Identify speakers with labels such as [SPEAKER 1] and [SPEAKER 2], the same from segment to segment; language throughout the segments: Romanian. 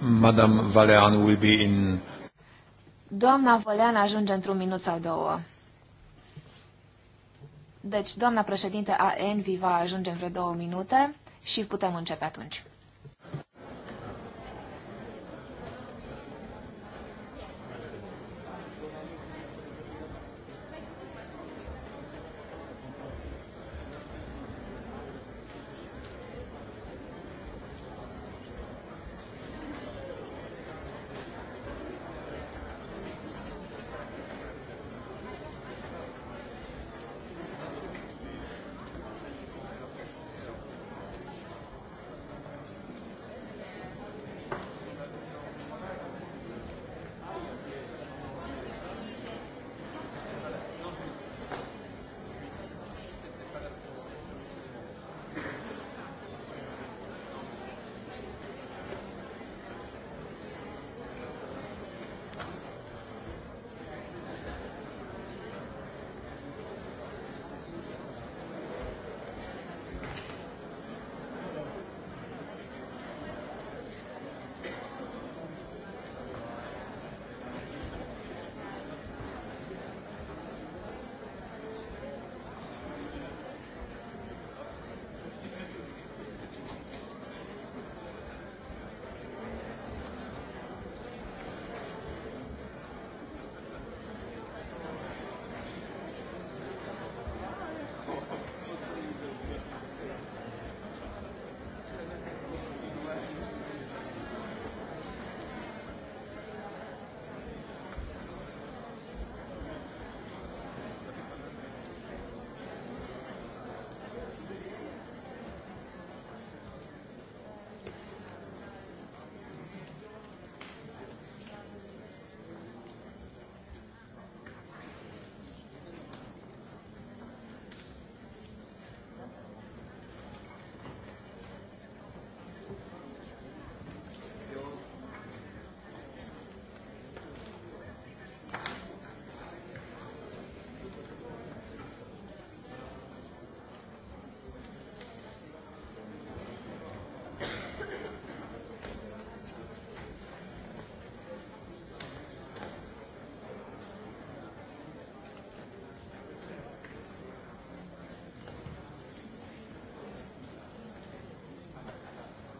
[SPEAKER 1] Madame Valean will be in...
[SPEAKER 2] Doamna Valean ajunge într-un minut sau două. Deci, doamna președinte a ENVI va ajunge în vreo două minute și putem începe atunci.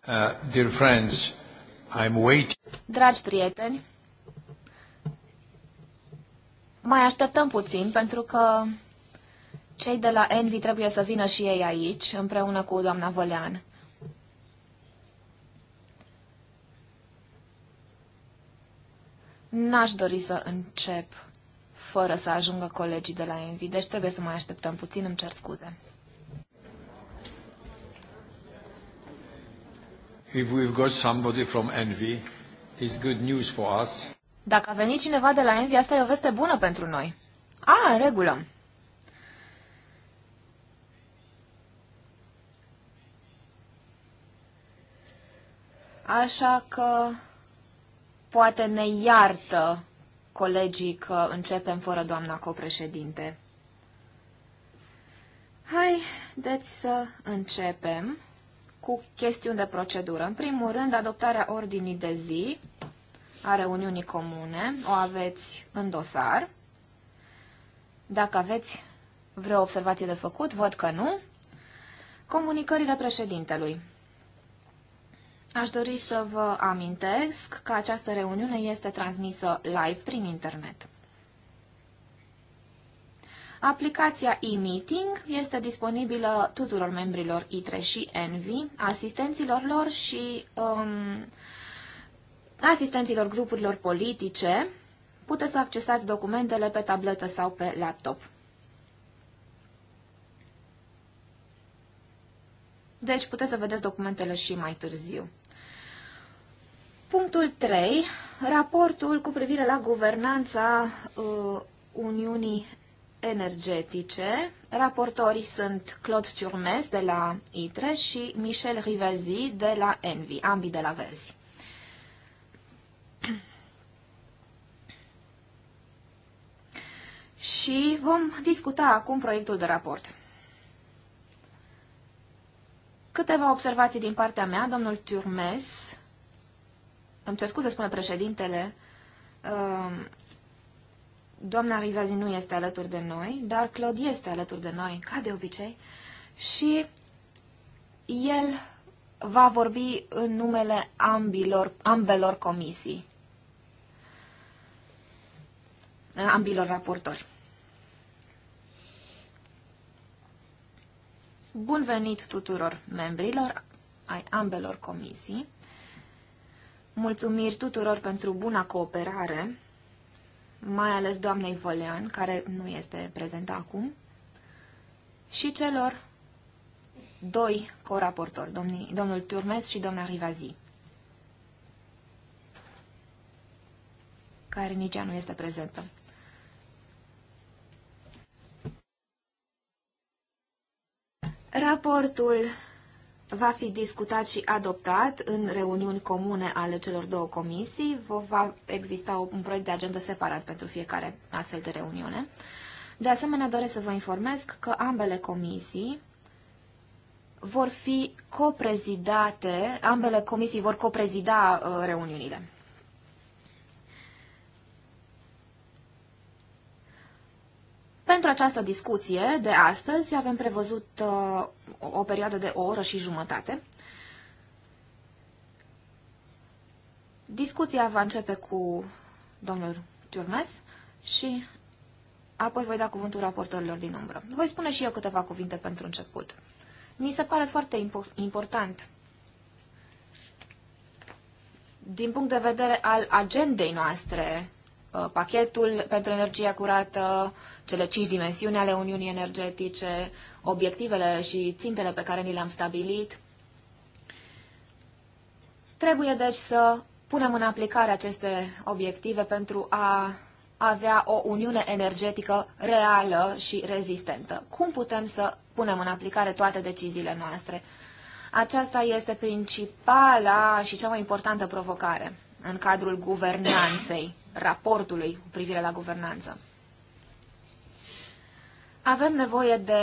[SPEAKER 1] Uh, dear friends, I'm waiting.
[SPEAKER 2] Dragi prieteni, mai așteptăm puțin pentru că cei de la Envy trebuie să vină și ei aici, împreună cu doamna Volean. N-aș dori să încep fără să ajungă colegii de la Envy, deci trebuie să mai așteptăm puțin, îmi cer scuze.
[SPEAKER 1] If we've got somebody from Envy, it's good news for us.
[SPEAKER 2] Dacă a venit cineva de la Envy, asta e o veste bună pentru noi. A, în regulă. Așa că poate ne iartă colegii că începem fără doamna copreședinte. Hai, deci să începem cu chestiuni de procedură. În primul rând, adoptarea ordinii de zi a reuniunii comune. O aveți în dosar. Dacă aveți vreo observație de făcut, văd că nu. Comunicările președintelui. Aș dori să vă amintesc că această reuniune este transmisă live prin internet. Aplicația e-meeting este disponibilă tuturor membrilor ITRE și ENVI, asistenților lor și um, asistenților grupurilor politice. Puteți să accesați documentele pe tabletă sau pe laptop. Deci puteți să vedeți documentele și mai târziu. Punctul 3. Raportul cu privire la guvernanța uh, Uniunii energetice. Raportorii sunt Claude Turmes de la ITRE și Michel Rivazi de la ENVI, ambii de la Verzi. Și vom discuta acum proiectul de raport. Câteva observații din partea mea, domnul Turmes, îmi cer scuze, spune președintele, ehm, Doamna Rivazi nu este alături de noi, dar Claude este alături de noi, ca de obicei, și el va vorbi în numele ambilor, ambelor comisii, ambilor raportori. Bun venit tuturor membrilor ai ambelor comisii. Mulțumiri tuturor pentru buna cooperare mai ales doamnei Volean, care nu este prezentă acum, și celor doi coraportori, domnii, domnul Turmes și doamna Rivazi, care nici ea nu este prezentă. Raportul va fi discutat și adoptat în reuniuni comune ale celor două comisii. Va exista un proiect de agenda separat pentru fiecare astfel de reuniune. De asemenea, doresc să vă informez că ambele comisii vor fi coprezidate, ambele comisii vor coprezida uh, reuniunile. Pentru această discuție de astăzi avem prevăzut uh, o perioadă de o oră și jumătate. Discuția va începe cu domnul Turmes și apoi voi da cuvântul raportorilor din umbră. Voi spune și eu câteva cuvinte pentru început. Mi se pare foarte important din punct de vedere al agendei noastre Uh, pachetul pentru energia curată, cele cinci dimensiuni ale Uniunii Energetice, obiectivele și țintele pe care ni le-am stabilit. Trebuie deci să punem în aplicare aceste obiective pentru a avea o uniune energetică reală și rezistentă. Cum putem să punem în aplicare toate deciziile noastre? Aceasta este principala și cea mai importantă provocare în cadrul guvernanței, raportului cu privire la guvernanță. Avem nevoie de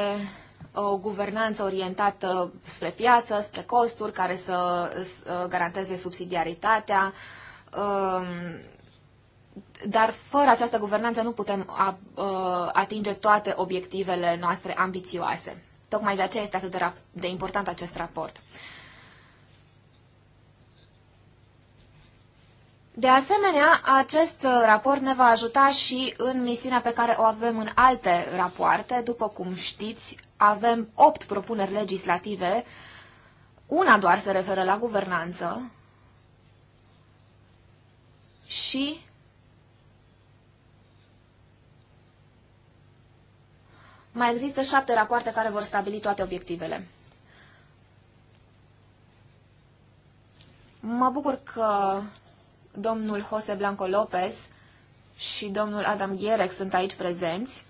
[SPEAKER 2] o guvernanță orientată spre piață, spre costuri, care să garanteze subsidiaritatea, um, dar fără această guvernanță nu putem uh, atinge toate obiectivele noastre ambițioase. Tocmai de aceea este atât de, important acest raport. De asemenea, acest uh, raport ne va ajuta și în misiunea pe care o avem în alte rapoarte. După cum știți, avem opt propuneri legislative, una doar se referă la guvernanță și mai există șapte rapoarte care vor stabili toate obiectivele. Mă bucur că domnul Jose Blanco Lopez și domnul Adam Gherec sunt aici prezenți.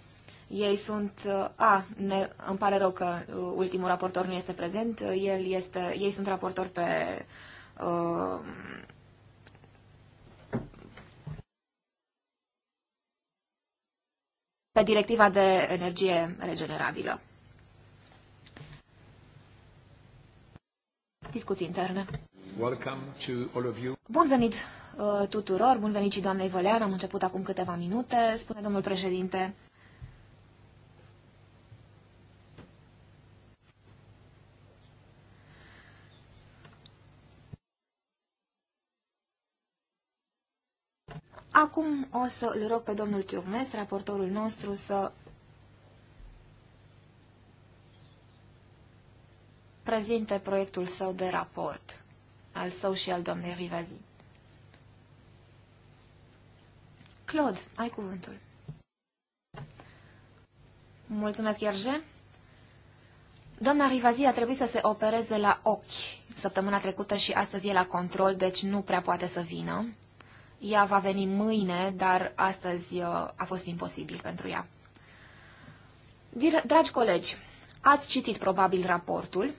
[SPEAKER 2] Ei sunt... Uh, a, ne, îmi pare rău că uh, ultimul raportor nu este prezent. El este, ei sunt raportor pe... Uh, pe directiva de energie regenerabilă. Discuții interne. Welcome to all of you. Bun venit Uh, tuturor. Bun venit și doamnei Vălean, am început acum câteva minute, spune domnul președinte. Acum o să îl rog pe domnul Ciurnes, raportorul nostru, să prezinte proiectul său de raport, al său și al doamnei Rivazi. Claude, ai cuvântul. Mulțumesc, Gherge. Doamna Rivazi a trebuit să se opereze la ochi săptămâna trecută și astăzi e la control, deci nu prea poate să vină. Ea va veni mâine, dar astăzi uh, a fost imposibil pentru ea. Dragi colegi, ați citit probabil raportul.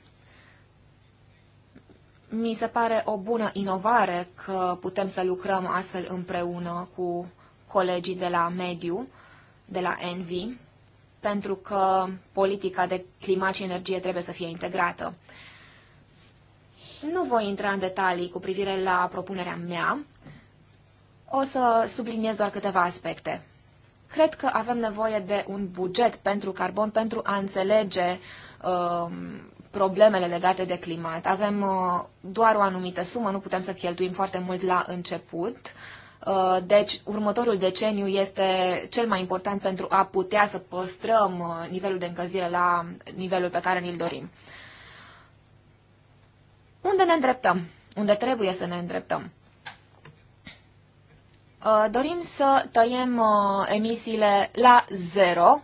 [SPEAKER 2] Mi se pare o bună inovare că putem să lucrăm astfel împreună cu colegii de la Mediu, de la Envi, pentru că politica de climat și energie trebuie să fie integrată. Nu voi intra în detalii cu privire la propunerea mea, o să subliniez doar câteva aspecte. Cred că avem nevoie de un buget pentru carbon pentru a înțelege uh, problemele legate de climat. Avem uh, doar o anumită sumă, nu putem să cheltuim foarte mult la început. Uh, Uh, deci, următorul deceniu este cel mai important pentru a putea să păstrăm uh, nivelul de încălzire la nivelul pe care ni-l dorim. Unde ne îndreptăm? Unde trebuie să ne îndreptăm? Uh, dorim să tăiem emisiile la zero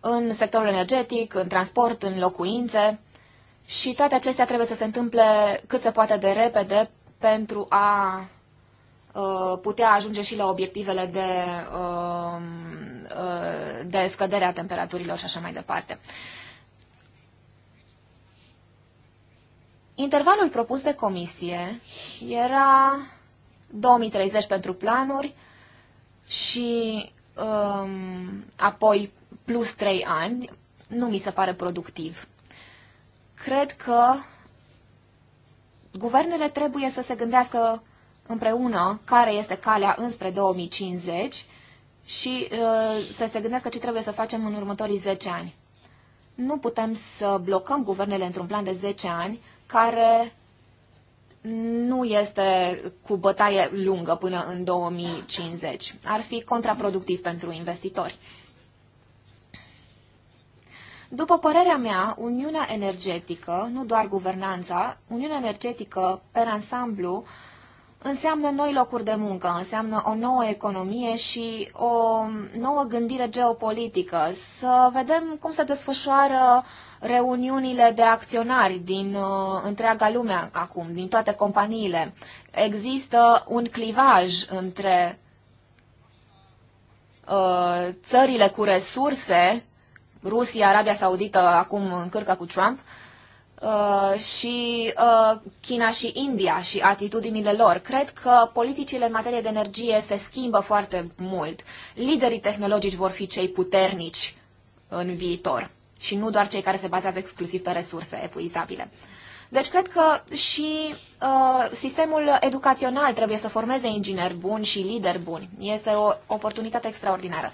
[SPEAKER 2] în sectorul energetic, în transport, în locuințe și toate acestea trebuie să se întâmple cât se poate de repede pentru a Uh, putea ajunge și la obiectivele de, um, uh, de scădere a temperaturilor și așa mai departe. Intervalul propus de comisie era 2030 pentru planuri și um, apoi plus 3 ani. Nu mi se pare productiv. Cred că guvernele trebuie să se gândească împreună care este calea înspre 2050 și uh, să se gândească ce trebuie să facem în următorii 10 ani. Nu putem să blocăm guvernele într-un plan de 10 ani care nu este cu bătaie lungă până în 2050. Ar fi contraproductiv pentru investitori. După părerea mea, Uniunea Energetică, nu doar guvernanța, Uniunea Energetică pe ansamblu înseamnă noi locuri de muncă, înseamnă o nouă economie și o nouă gândire geopolitică. Să vedem cum se desfășoară reuniunile de acționari din uh, întreaga lume acum, din toate companiile. Există un clivaj între uh, țările cu resurse, Rusia, Arabia Saudită acum încărcă cu Trump, Uh, și uh, China și India și atitudinile lor. Cred că politicile în materie de energie se schimbă foarte mult. Liderii tehnologici vor fi cei puternici în viitor și nu doar cei care se bazează exclusiv pe resurse epuizabile. Deci cred că și uh, sistemul educațional trebuie să formeze ingineri buni și lideri buni. Este o oportunitate extraordinară.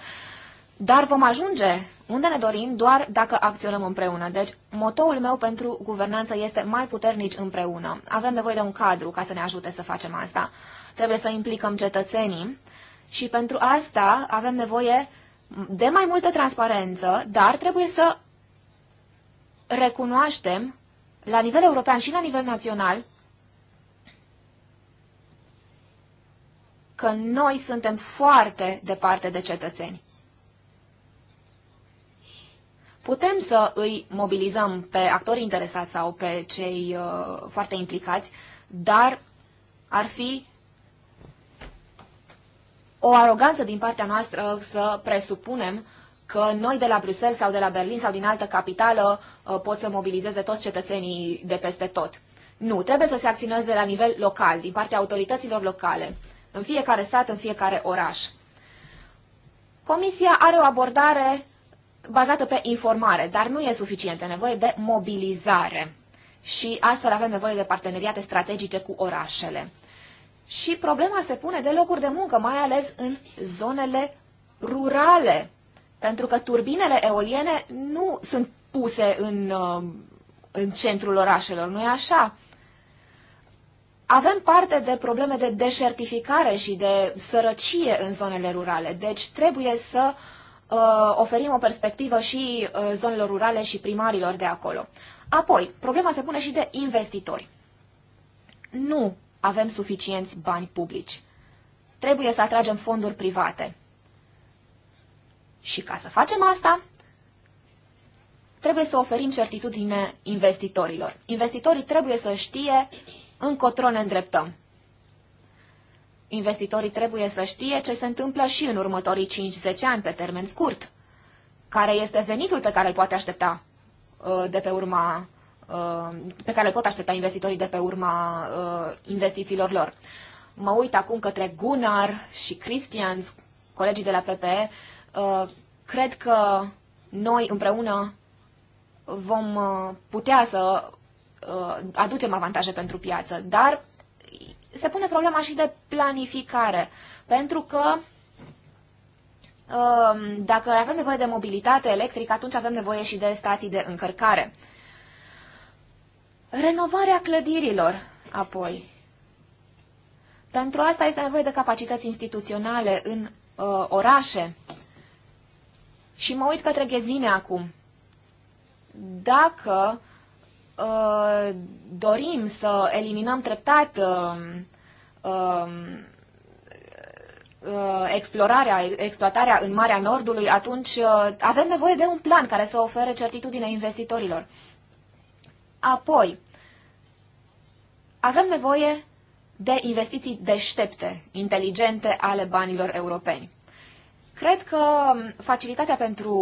[SPEAKER 2] Dar vom ajunge unde ne dorim doar dacă acționăm împreună. Deci, motoul meu pentru guvernanță este mai puternici împreună. Avem nevoie de un cadru ca să ne ajute să facem asta. Trebuie să implicăm cetățenii și pentru asta avem nevoie de mai multă transparență, dar trebuie să recunoaștem la nivel european și la nivel național că noi suntem foarte departe de cetățeni putem să îi mobilizăm pe actorii interesați sau pe cei uh, foarte implicați, dar ar fi o aroganță din partea noastră să presupunem că noi de la Bruxelles sau de la Berlin sau din altă capitală uh, pot să mobilizeze toți cetățenii de peste tot. Nu, trebuie să se acționeze la nivel local, din partea autorităților locale, în fiecare stat, în fiecare oraș. Comisia are o abordare bazată pe informare, dar nu e suficientă nevoie de mobilizare și astfel avem nevoie de parteneriate strategice cu orașele. Și problema se pune de locuri de muncă, mai ales în zonele rurale, pentru că turbinele eoliene nu sunt puse în, um, în centrul orașelor, nu e așa? Avem parte de probleme de deșertificare și de sărăcie în zonele rurale, deci trebuie să uh, Uh, oferim o perspectivă și uh, zonelor rurale și primarilor de acolo. Apoi, problema se pune și de investitori. Nu avem suficienți bani publici. Trebuie să atragem fonduri private. Și ca să facem asta, trebuie să oferim certitudine investitorilor. Investitorii trebuie să știe încotro ne îndreptăm. Investitorii trebuie să știe ce se întâmplă și în următorii 5-10 ani pe termen scurt. Care este venitul pe care îl poate aștepta uh, de pe urma uh, pe care îl pot aștepta investitorii de pe urma uh, investițiilor lor. Mă uit acum către Gunnar și Cristian, colegii de la PPE. Cred că noi împreună vom putea să aducem avantaje pentru piață, dar se pune problema și de planificare, pentru că um, dacă avem nevoie de mobilitate electrică, atunci avem nevoie și de stații de încărcare. Renovarea clădirilor, apoi. Pentru asta este nevoie de capacități instituționale în uh, orașe. Și mă uit către ghezine acum. Dacă Uh, dorim să eliminăm treptat uh, um, uh, explorarea, exploatarea în Marea Nordului, atunci uh, avem nevoie de un plan care să ofere certitudine investitorilor. Apoi, avem nevoie de investiții deștepte, inteligente ale banilor europeni. Cred că facilitatea pentru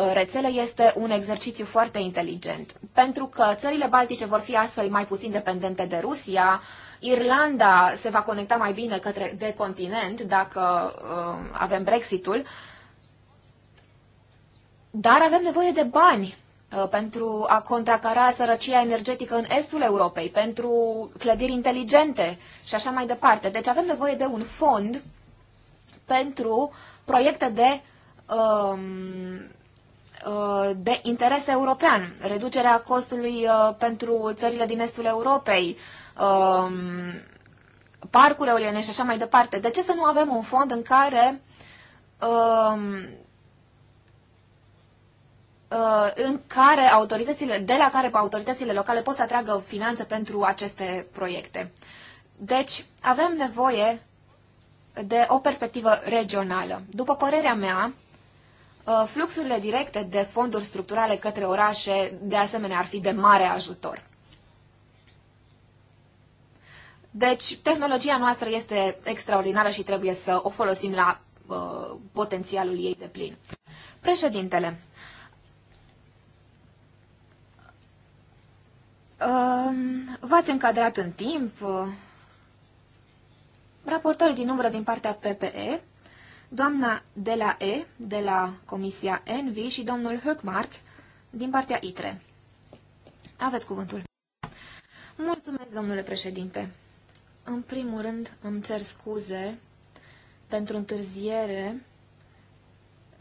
[SPEAKER 2] uh, rețele este un exercițiu foarte inteligent, pentru că țările baltice vor fi astfel mai puțin dependente de Rusia, Irlanda se va conecta mai bine către, de continent dacă uh, avem Brexitul, dar avem nevoie de bani uh, pentru a contracara sărăcia energetică în estul Europei, pentru clădiri inteligente și așa mai departe. Deci avem nevoie de un fond pentru uh, proiecte de, um, uh, de interes european, reducerea costului uh, pentru țările din estul Europei, um, parcuri eoliene și așa mai departe. De ce să nu avem un fond în care um, uh, în care autoritățile, de la care autoritățile locale pot să atragă finanțe pentru aceste proiecte. Deci, avem nevoie de o perspectivă regională. După părerea mea, uh, fluxurile directe de fonduri structurale către orașe, de asemenea, ar fi de mare ajutor. Deci, tehnologia noastră este extraordinară și trebuie să o folosim la uh, potențialul ei de plin. Președintele, uh, v-ați încadrat în timp. Uh, Raportori din umbră din partea PPE, doamna de la E, de la Comisia Envi și domnul Höckmark din partea ITRE. Aveți cuvântul. Mulțumesc, domnule președinte. În primul rând, îmi cer scuze pentru întârziere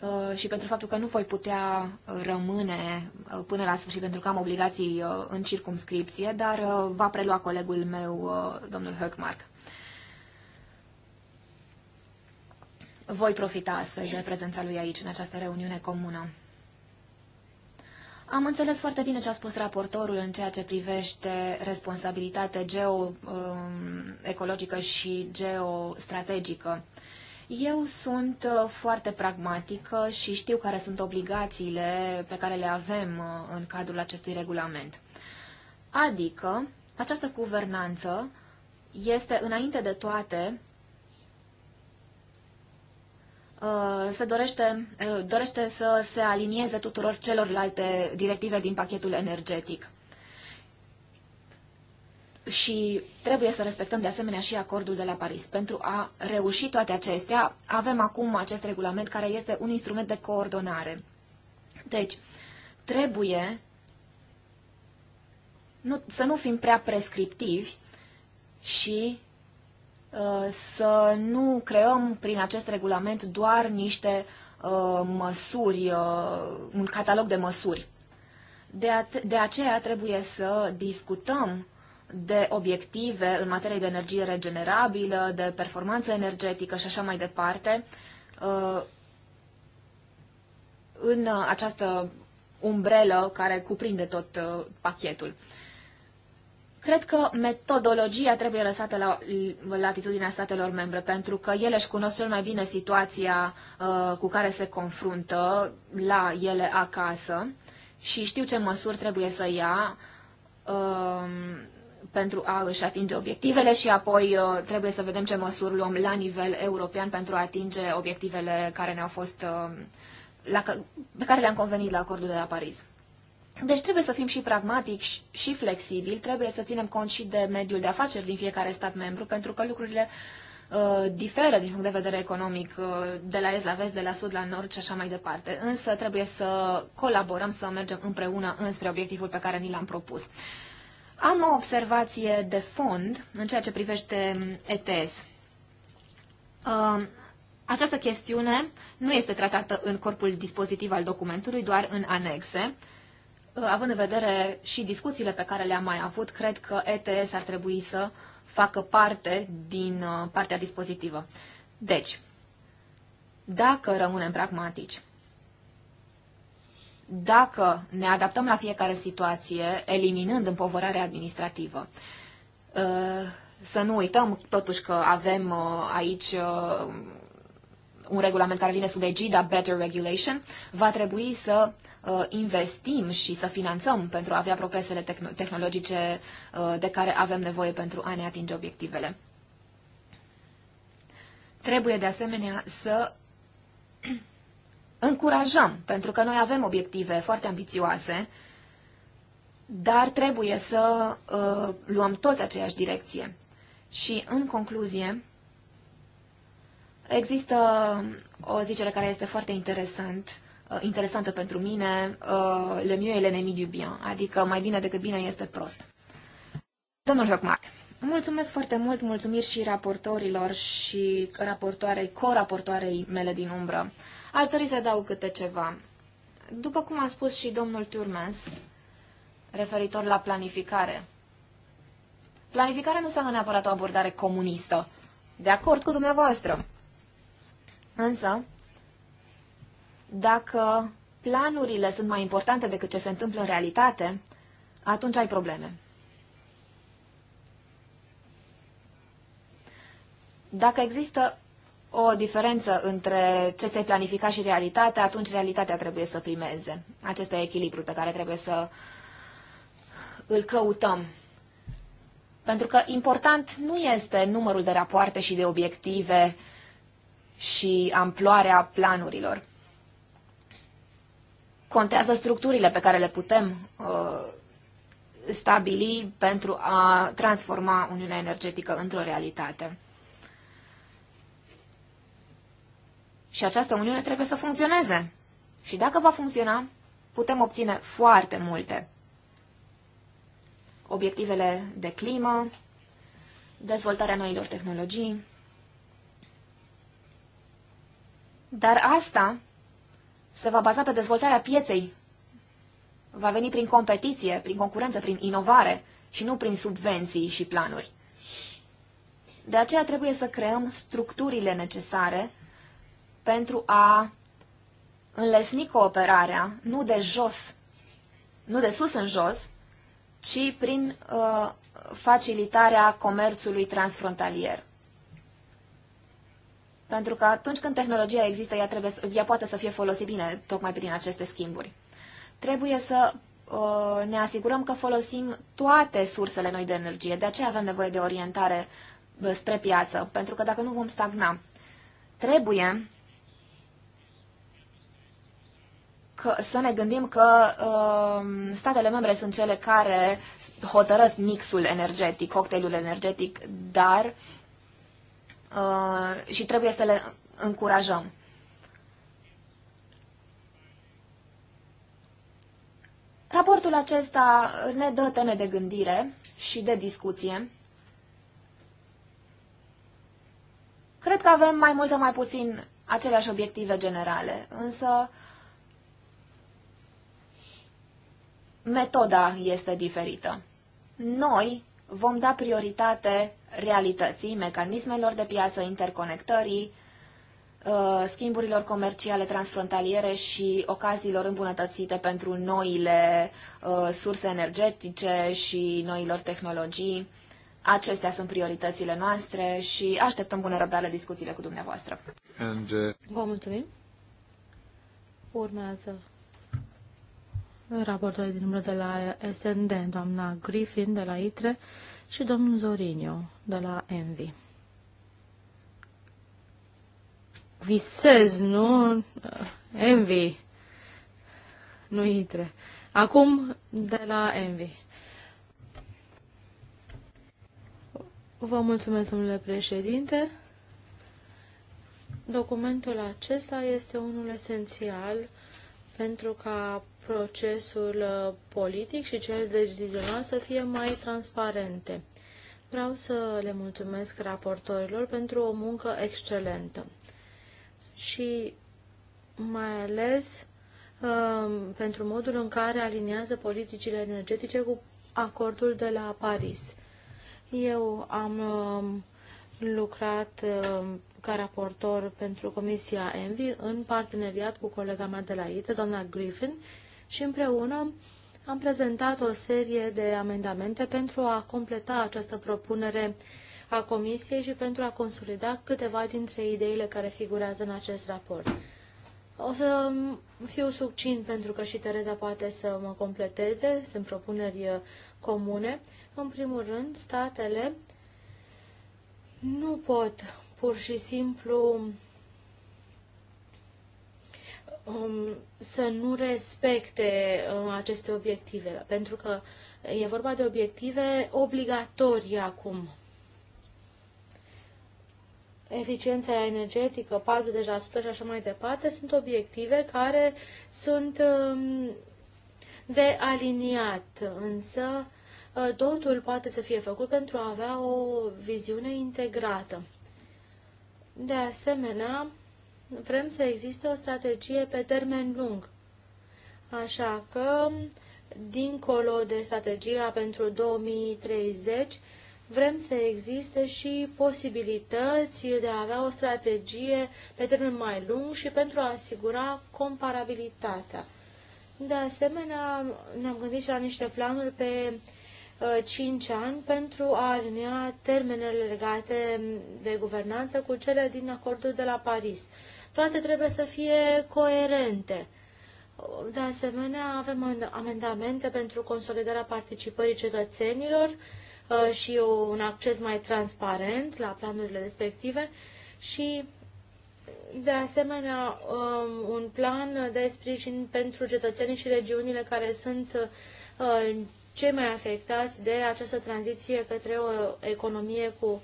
[SPEAKER 2] uh, și pentru faptul că nu voi putea uh, rămâne uh, până la sfârșit pentru că am obligații în circumscripție, dar va prelua colegul meu, domnul Höckmark. voi profita astfel de prezența lui aici, în această reuniune comună. Am înțeles foarte bine ce a spus raportorul în ceea ce privește responsabilitate geoecologică um, și geostrategică. Eu sunt uh, foarte pragmatică și știu care sunt obligațiile pe care le avem uh, în cadrul acestui regulament. Adică, această guvernanță este, înainte de toate, Uh, se dorește, uh, dorește să se alinieze tuturor celorlalte directive din pachetul energetic. Și trebuie să respectăm de asemenea și acordul de la Paris. Pentru a reuși toate acestea, avem acum acest regulament care este un instrument de coordonare. Deci, trebuie nu, să nu fim prea prescriptivi și Uh, să nu creăm prin acest regulament doar niște uh, măsuri, uh, un catalog de măsuri. De, de aceea trebuie să discutăm de obiective în materie de energie regenerabilă, de performanță energetică și așa mai departe, în această umbrelă care cuprinde tot pachetul. Cred că metodologia trebuie lăsată la latitudinea statelor membre, pentru că ele își cunosc cel mai bine situația uh, cu care se confruntă la ele acasă și știu ce măsuri trebuie să ia uh, pentru a își atinge obiectivele și apoi uh, trebuie să vedem ce măsuri luăm la nivel european pentru a atinge obiectivele care ne-au fost, uh, la, pe care le-am convenit la acordul de la Paris. Deci trebuie să fim și pragmatici și flexibili, trebuie să ținem cont și de mediul de afaceri din fiecare stat membru, pentru că lucrurile uh, diferă din punct de vedere economic uh, de la est la vest, de la sud la nord și așa mai departe. Însă trebuie să colaborăm, să mergem împreună înspre obiectivul pe care ni l-am propus. Am o observație de fond în ceea ce privește um, ETS. Uh, această chestiune nu este tratată în corpul dispozitiv al documentului, doar în anexe. Uh, având în vedere și discuțiile pe care le-am mai avut, cred că ETS ar trebui să facă parte din uh, partea dispozitivă. Deci, dacă rămânem pragmatici, dacă ne adaptăm la fiecare situație, eliminând împovărarea administrativă, uh, să nu uităm totuși că avem aici un regulament care vine sub egida Better Regulation, va trebui să Uh, investim și să finanțăm pentru a avea progresele tehnologice uh, de care avem nevoie pentru a ne atinge obiectivele. Trebuie de asemenea să încurajăm, pentru că noi avem obiective foarte ambițioase, dar trebuie să uh, luăm toți aceeași direcție. Și, în concluzie, există o zicere care este foarte interesant, Uh, interesantă pentru mine, uh, le mieux et l'ennemi du bien, adică mai bine decât bine este prost. Domnul Höckmark, mulțumesc foarte mult, mulțumiri și raportorilor și raportoarei, co-raportoarei mele din umbră. Aș dori să dau câte ceva. După cum a spus și domnul Turmes, referitor la planificare, planificarea nu înseamnă neapărat o abordare comunistă. De acord cu dumneavoastră. Însă, dacă planurile sunt mai importante decât ce se întâmplă în realitate, atunci ai probleme. Dacă există o diferență între ce ți-ai planificat și realitate, atunci realitatea trebuie să primeze. Acesta e echilibrul pe care trebuie să îl căutăm. Pentru că important nu este numărul de rapoarte și de obiective și amploarea planurilor contează structurile pe care le putem uh, stabili pentru a transforma Uniunea Energetică într-o realitate. Și această Uniune trebuie să funcționeze. Și dacă va funcționa, putem obține foarte multe. Obiectivele de climă, dezvoltarea noilor tehnologii. Dar asta se va baza pe dezvoltarea pieței. Va veni prin competiție, prin concurență, prin inovare și nu prin subvenții și planuri. De aceea trebuie să creăm structurile necesare pentru a înlesni cooperarea, nu de jos, nu de sus în jos, ci prin uh, facilitarea comerțului transfrontalier. Pentru că atunci când tehnologia există, ea, trebuie, ea poate să fie folosită bine, tocmai prin aceste schimburi. Trebuie să uh, ne asigurăm că folosim toate sursele noi de energie. De aceea avem nevoie de orientare spre piață, pentru că dacă nu vom stagna. Trebuie că, să ne gândim că uh, statele membre sunt cele care hotărăsc mixul energetic, cocktailul energetic, dar Uh, și trebuie să le încurajăm. Raportul acesta ne dă teme de gândire și de discuție. Cred că avem mai mult sau mai puțin aceleași obiective generale, însă metoda este diferită. Noi vom da prioritate realității, mecanismelor de piață, interconectării, uh, schimburilor comerciale transfrontaliere și ocaziilor îmbunătățite pentru noile uh, surse energetice și noilor tehnologii. Acestea sunt prioritățile noastre și așteptăm bună răbdare discuțiile cu dumneavoastră. And, uh... Vă mulțumim.
[SPEAKER 1] Urmează raportul din umbră de la SND, doamna Griffin de la ITRE și domnul Zorinio de la ENVI. Visez, nu? ENVI, nu ITRE. Acum de la ENVI. Vă mulțumesc, domnule președinte. Documentul acesta este unul esențial pentru ca procesul uh, politic și cel decizional să fie mai transparente. Vreau să le mulțumesc raportorilor pentru o muncă excelentă și mai ales um, pentru modul în care aliniază politicile energetice cu acordul de la Paris. Eu am um, lucrat um, ca raportor pentru Comisia Envi în parteneriat cu colega mea de la ITRE, doamna Griffin, și împreună am prezentat o serie de amendamente pentru a completa această propunere a Comisiei și pentru a consolida câteva dintre ideile care figurează în acest raport. O să fiu succin pentru că și Tereza poate să mă completeze, sunt propuneri uh, comune. În primul rând, statele nu pot pur și simplu um, să nu respecte um, aceste obiective, pentru că e vorba de obiective obligatorii acum. Eficiența energetică, 40% și așa mai departe, sunt obiective care sunt um, de aliniat, însă uh, totul poate să fie făcut pentru a avea o viziune integrată. De asemenea, vrem să existe o strategie pe termen lung. Așa că, dincolo de strategia pentru 2030, vrem să existe și posibilități de a avea o strategie pe termen mai lung și pentru a asigura comparabilitatea. De asemenea, ne-am gândit și la niște planuri pe 5 uh, ani pentru a alinea termenele legate de guvernanță cu cele din acordul de la Paris toate trebuie să fie coerente. De asemenea, avem amendamente pentru consolidarea participării cetățenilor uh, și un acces mai transparent la planurile respective și, de asemenea, um, un plan de sprijin pentru cetățenii și regiunile care sunt uh, cei mai afectați de această tranziție către o economie cu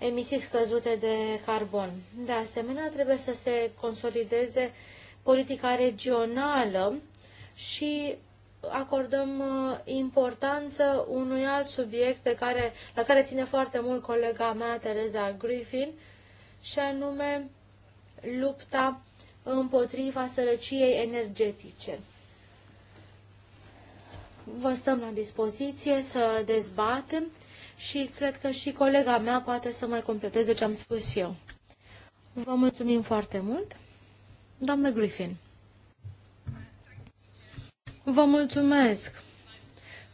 [SPEAKER 1] emisii scăzute de carbon. De asemenea, trebuie să se consolideze politica regională și acordăm uh, importanță unui alt subiect pe care, la care ține foarte mult colega mea, Teresa Griffin, și anume lupta împotriva sărăciei energetice. Vă stăm la dispoziție să dezbatem și cred că și colega mea poate să mai completeze ce am spus eu. Vă mulțumim foarte mult. Doamnă Griffin. Vă mulțumesc.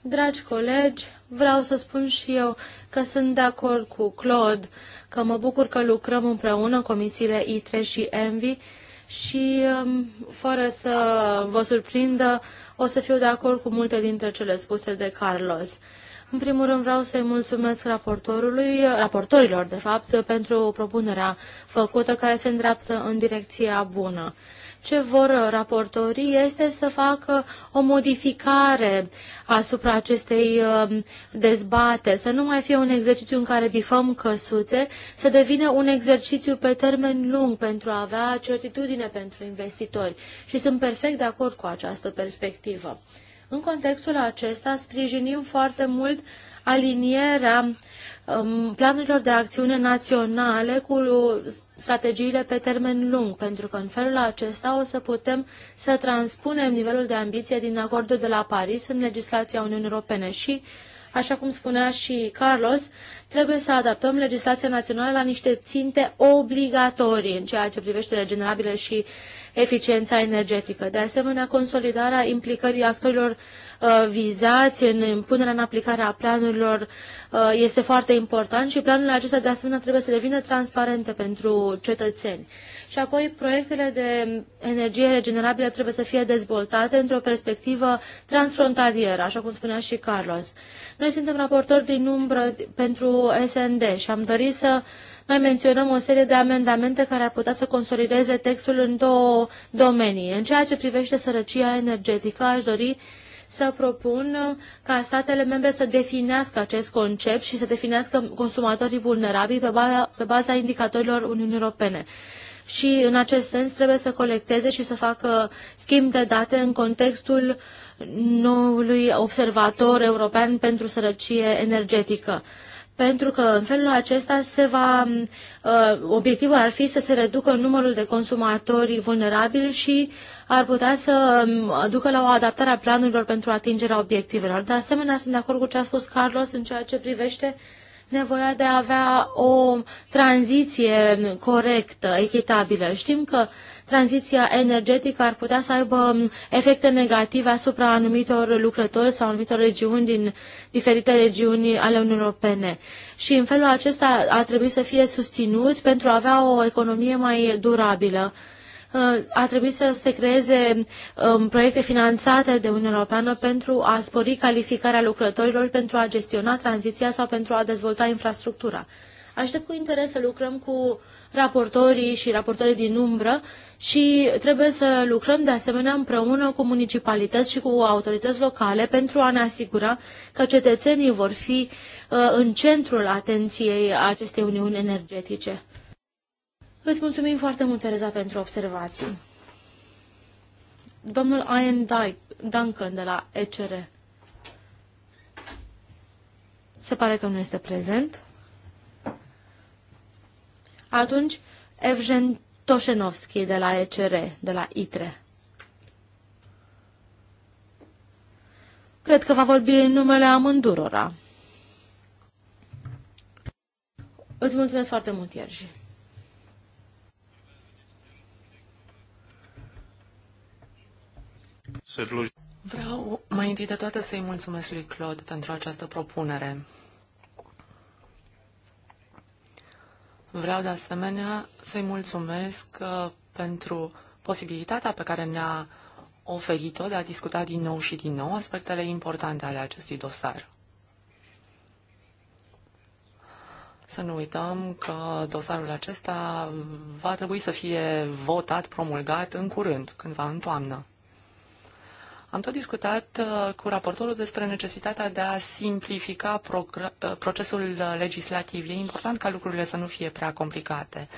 [SPEAKER 1] Dragi colegi, vreau să spun și eu că sunt de acord cu Claude, că mă bucur că lucrăm împreună comisiile 3 și ENVI și, um, fără să vă surprindă, o să fiu de acord cu multe dintre cele spuse de Carlos. În primul rând vreau să-i mulțumesc raportorului, raportorilor, de fapt, pentru propunerea făcută care se îndreaptă în direcția bună. Ce vor raportorii este să facă o modificare asupra acestei um, dezbate, să nu mai fie un exercițiu în care bifăm căsuțe, să devină un exercițiu pe termen lung pentru a avea certitudine pentru investitori. Și sunt perfect de acord cu această perspectivă. În contextul acesta, sprijinim foarte mult alinierea um, planurilor de acțiune naționale cu strategiile pe termen lung, pentru că în felul acesta o să putem să transpunem nivelul de ambiție din acordul de la Paris în legislația Uniunii Europene și Așa cum spunea și Carlos, trebuie să adaptăm legislația națională la niște ținte obligatorii în ceea ce privește regenerabile și eficiența energetică. De asemenea, consolidarea implicării actorilor uh, vizați în punerea în aplicare a planurilor Uh, este foarte important și planurile acestea de asemenea trebuie să devină transparente pentru cetățeni. Și apoi proiectele de energie regenerabilă trebuie să fie dezvoltate într-o perspectivă transfrontalieră, așa cum spunea și Carlos. Noi suntem raportori din umbră pentru SND și am dorit să mai menționăm o serie de amendamente care ar putea să consolideze textul în două domenii. În ceea ce privește sărăcia energetică, aș dori să propun uh, ca statele membre să definească acest concept și să definească consumatorii vulnerabili pe, baza, pe baza indicatorilor Uniunii Europene și în acest sens trebuie să colecteze și să facă schimb de date în contextul noului observator european pentru sărăcie energetică pentru că în felul acesta se va, uh, obiectivul ar fi să se reducă numărul de consumatori vulnerabili și ar putea să um, ducă la o adaptare a planurilor pentru atingerea obiectivelor. De asemenea, sunt de acord cu ce a spus Carlos în ceea ce privește nevoia de a avea o tranziție corectă, echitabilă. Știm că uh, tranziția energetică ar putea să aibă um, efecte negative asupra anumitor lucrători sau anumitor regiuni din diferite regiuni ale Uniunii Europene. Și în felul acesta ar trebui să fie susținuți pentru a avea o economie mai durabilă uh, a trebuit să se creeze um, proiecte finanțate de Uniunea Europeană pentru a spori calificarea lucrătorilor, pentru a gestiona tranziția sau pentru a dezvolta infrastructura. Aștept cu interes să lucrăm cu raportorii și raportorii din umbră și trebuie să lucrăm de asemenea împreună cu municipalități și cu autorități locale pentru a ne asigura că cetățenii vor fi uh, în centrul atenției acestei uniuni energetice. Vă mulțumim foarte mult, Tereza, pentru observații. Domnul Ian Duncan de la ECR. Se pare că nu este prezent. Atunci, Evgen Toșenovski de la ECR, de la ITRE. Cred că va vorbi în numele amândurora. Îți mulțumesc foarte mult, Iergi.
[SPEAKER 3] Vreau mai întâi de toate să-i mulțumesc lui Claude pentru această propunere. Vreau de asemenea să-i mulțumesc uh, pentru posibilitatea pe care ne-a oferit-o de a discuta din nou și din nou aspectele importante ale acestui dosar. Să nu uităm că dosarul acesta va trebui să fie votat, promulgat în curând, cândva în toamnă. Am tot discutat uh, cu raportorul despre necesitatea de a simplifica uh, procesul uh, legislativ. E important ca lucrurile să nu fie prea complicate.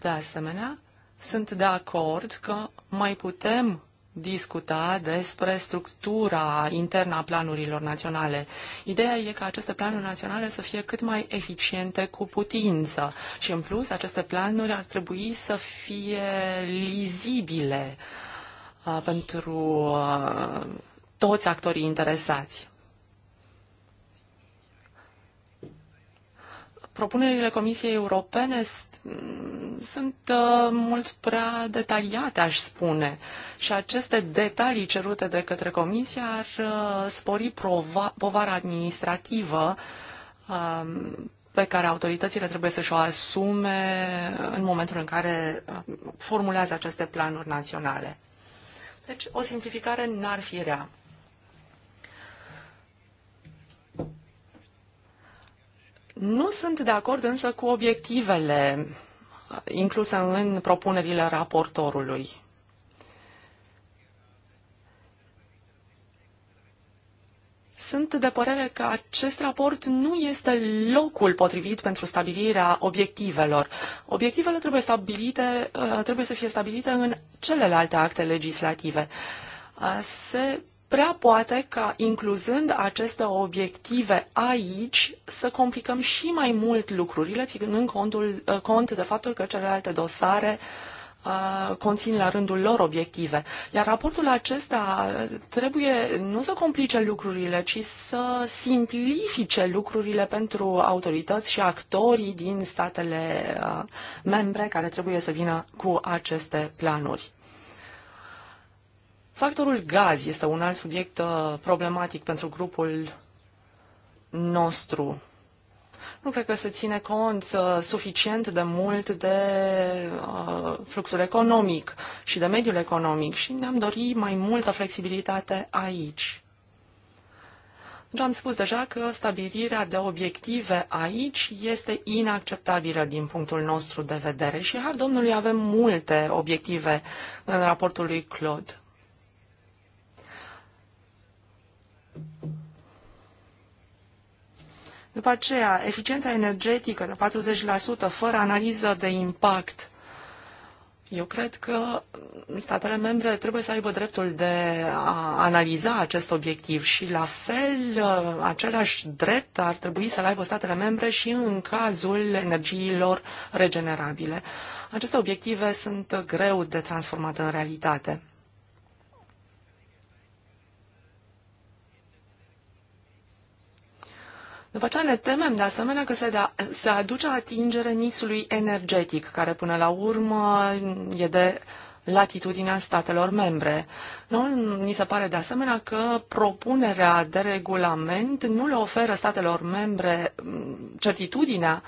[SPEAKER 3] De asemenea, sunt de acord că mai putem discuta despre structura internă a planurilor naționale. Ideea e ca aceste planuri naționale să fie cât mai eficiente cu putință și, în plus, aceste planuri ar trebui să fie lizibile uh, Uh, pentru uh, toți actorii interesați. Propunerile Comisiei Europene sunt uh, mult prea detaliate, aș spune, și aceste detalii cerute de către Comisie ar spori povara administrativă um, pe care autoritățile trebuie să și-o asume în momentul în care formulează aceste planuri naționale. Deci, o simplificare n-ar fi rea. Nu sunt de acord însă cu obiectivele incluse în propunerile raportorului. sunt de părere că acest raport nu este locul potrivit pentru stabilirea obiectivelor. Obiectivele trebuie, stabilite, uh, trebuie să fie stabilite în celelalte acte legislative. Uh, se prea poate ca incluzând aceste obiective aici să complicăm și mai mult lucrurile, ținând contul, uh, cont de faptul că celelalte dosare uh, Uh, conțin la rândul lor obiective. Iar raportul acesta trebuie nu să complice lucrurile, ci să simplifice lucrurile pentru autorități și actorii din statele uh, membre care trebuie să vină cu aceste planuri. Factorul gaz este un alt subiect uh, problematic pentru grupul nostru nu cred că se ține cont uh, suficient de mult de uh, fluxul economic și de mediul economic și ne-am dorit mai multă flexibilitate aici. Deci am spus deja că stabilirea de obiective aici este inacceptabilă din punctul nostru de vedere și, har domnului, avem multe obiective în raportul lui Claude. După aceea, eficiența energetică de 40% fără analiză de impact. Eu cred că statele membre trebuie să aibă dreptul de a analiza acest obiectiv și la fel același drept ar trebui să-l aibă statele membre și în cazul energiilor regenerabile. Aceste obiective sunt greu de transformat în realitate. După aceea ne temem de asemenea că se, da, se aduce atingere mixului energetic, care până la urmă e de latitudinea statelor membre. Nu, ni se pare de asemenea că propunerea de regulament nu le oferă statelor membre mm, certitudinea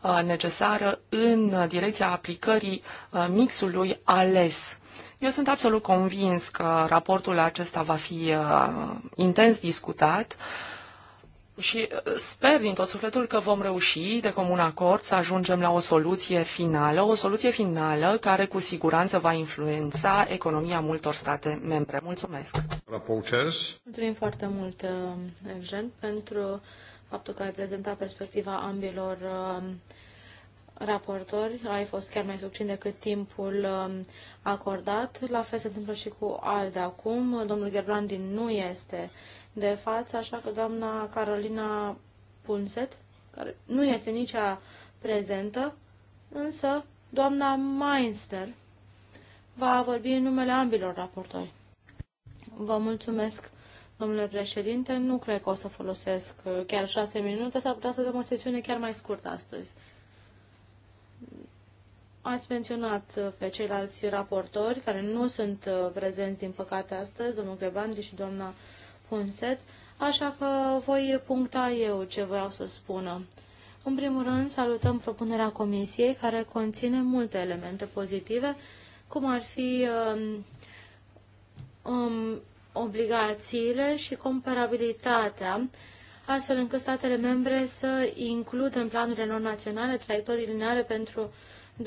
[SPEAKER 3] uh, necesară în direcția aplicării uh, mixului ales. Eu sunt absolut convins că raportul acesta va fi uh, intens discutat și uh, sper din tot sufletul că vom reuși de comun acord să ajungem la o soluție finală, o soluție finală care cu siguranță va influența economia multor state membre. Mulțumesc!
[SPEAKER 1] Mulțumim foarte mult, uh, Evgen, pentru faptul că ai prezentat perspectiva ambilor uh, raportori. Ai fost chiar mai succint decât timpul acordat. La fel se întâmplă și cu al de acum. Domnul Gerbrandi nu este de față, așa că doamna Carolina Punset, care nu este nici a prezentă, însă doamna Mainster va vorbi în numele ambilor raportori. Vă mulțumesc, domnule președinte. Nu cred că o să folosesc uh, chiar șase minute, s-ar putea să dăm o sesiune chiar mai scurtă astăzi. Ați menționat uh, pe ceilalți raportori, care nu sunt uh, prezenți, din păcate, astăzi, domnul Grebandi și doamna set, așa că voi puncta eu ce vreau să spună. În primul rând, salutăm propunerea Comisiei, care conține multe elemente pozitive, cum ar fi um, um, obligațiile și comparabilitatea, astfel încât statele membre să includă în planurile lor naționale traiectorii lineare pentru 2021-2030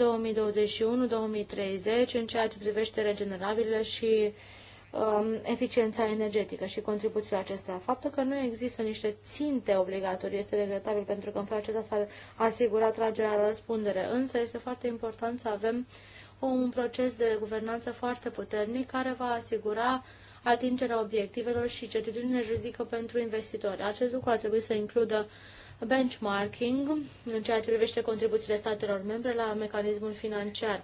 [SPEAKER 1] în ceea ce privește regenerabile și uh, Um, eficiența energetică și contribuția acestea. Faptul că nu există niște ținte obligatorii este regretabil pentru că în felul acesta s-ar asigura tragerea la răspundere, însă este foarte important să avem un proces de guvernanță foarte puternic care va asigura atingerea obiectivelor și certitudine juridică pentru investitori. Acest lucru ar trebui să includă benchmarking în ceea ce privește contribuțiile statelor membre la mecanismul financiar.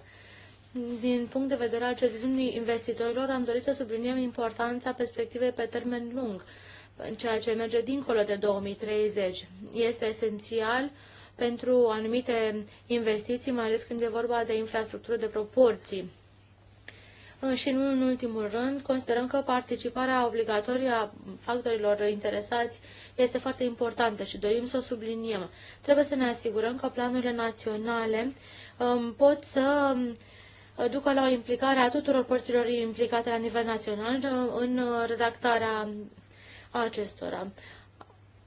[SPEAKER 1] Din punct de vedere al certitudinii investitorilor, am dorit să subliniem importanța perspectivei pe termen lung, în ceea ce merge dincolo de 2030. Este esențial pentru anumite investiții, mai ales când e vorba de infrastructură de proporții. Și nu în ultimul rând, considerăm că participarea obligatorie a factorilor interesați este foarte importantă și dorim să o subliniem. Trebuie să ne asigurăm că planurile naționale um, pot să um, ducă la o implicare a tuturor părților implicate la nivel național uh, în uh, redactarea acestora.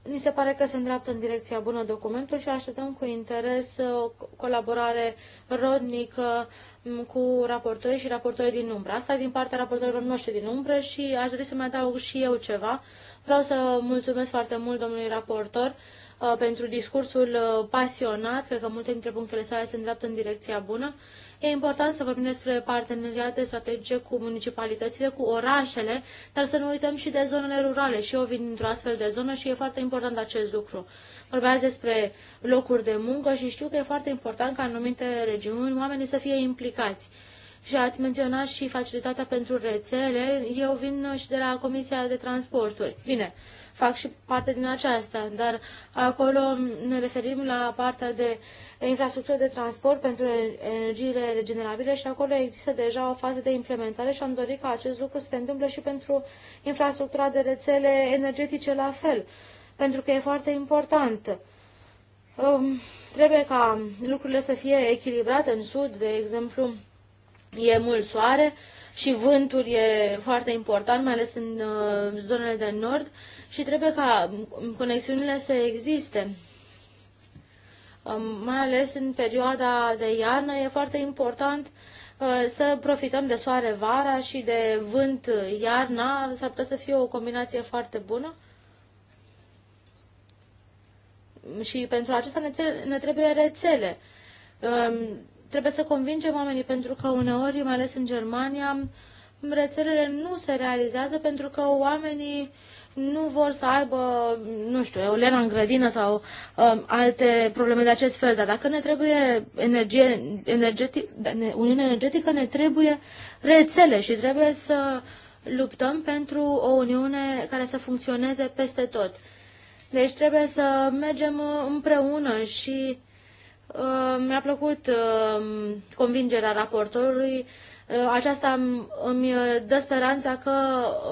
[SPEAKER 1] Ni se pare că se îndreaptă în direcția bună documentul și așteptăm cu interes uh, o colaborare rodnică mm, cu raportorii și raportorii din umbră. Asta e din partea raportorilor noștri din umbră și aș dori să mai adaug și eu ceva. Vreau să mulțumesc foarte mult domnului raportor pentru discursul pasionat. Cred că multe dintre punctele sale se îndreaptă în direcția bună E important să vorbim despre parteneriate strategice cu municipalitățile, cu orașele, dar să nu uităm și de zonele rurale. Și eu vin într o astfel de zonă și e foarte important acest lucru. Vorbeați despre locuri de muncă și știu că e foarte important ca în anumite regiuni oamenii să fie implicați. Și ați menționat și facilitatea pentru rețele. Eu vin și de la Comisia de Transporturi. Bine, fac și parte din aceasta, dar acolo ne referim la partea de infrastructură de transport pentru energiile regenerabile și acolo există deja o fază de implementare și am dorit ca acest lucru să se întâmple și pentru infrastructura de rețele energetice la fel, pentru că e foarte important. Um, trebuie ca lucrurile să fie echilibrate în sud, de exemplu, e mult soare, și vântul e foarte important, mai ales în uh, zonele de nord și trebuie ca conexiunile să existe. Um, mai ales în perioada de iarnă e foarte important uh, să profităm de soare vara și de vânt iarna, s-ar putea să fie o combinație foarte bună. Și pentru aceasta ne, ne trebuie rețele. Um, Trebuie să convingem oamenii pentru că uneori, mai ales în Germania, rețelele nu se realizează pentru că oamenii nu vor să aibă, nu știu, eulena în grădină sau um, alte probleme de acest fel. Dar dacă ne trebuie energie, energetică, uniune energetică, ne trebuie rețele și trebuie să luptăm pentru o uniune care să funcționeze peste tot. Deci trebuie să mergem împreună și Uh, mi-a plăcut uh, convingerea raportorului. Uh, aceasta îmi dă speranța că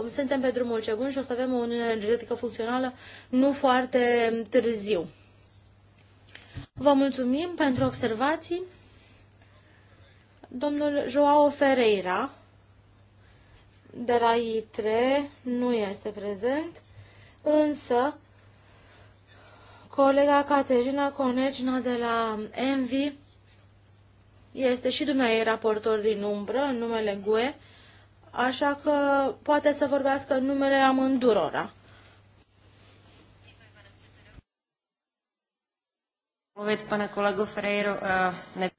[SPEAKER 1] suntem pe drumul cel bun și o să avem o uniune energetică funcțională nu foarte târziu. Vă mulțumim pentru observații. Domnul Joao Ferreira de la ITRE nu este prezent, însă Colega Caterina Conecina de la Envi este și dumneavoastră raportor din umbră, în numele GUE, așa că poate să vorbească în numele amândurora.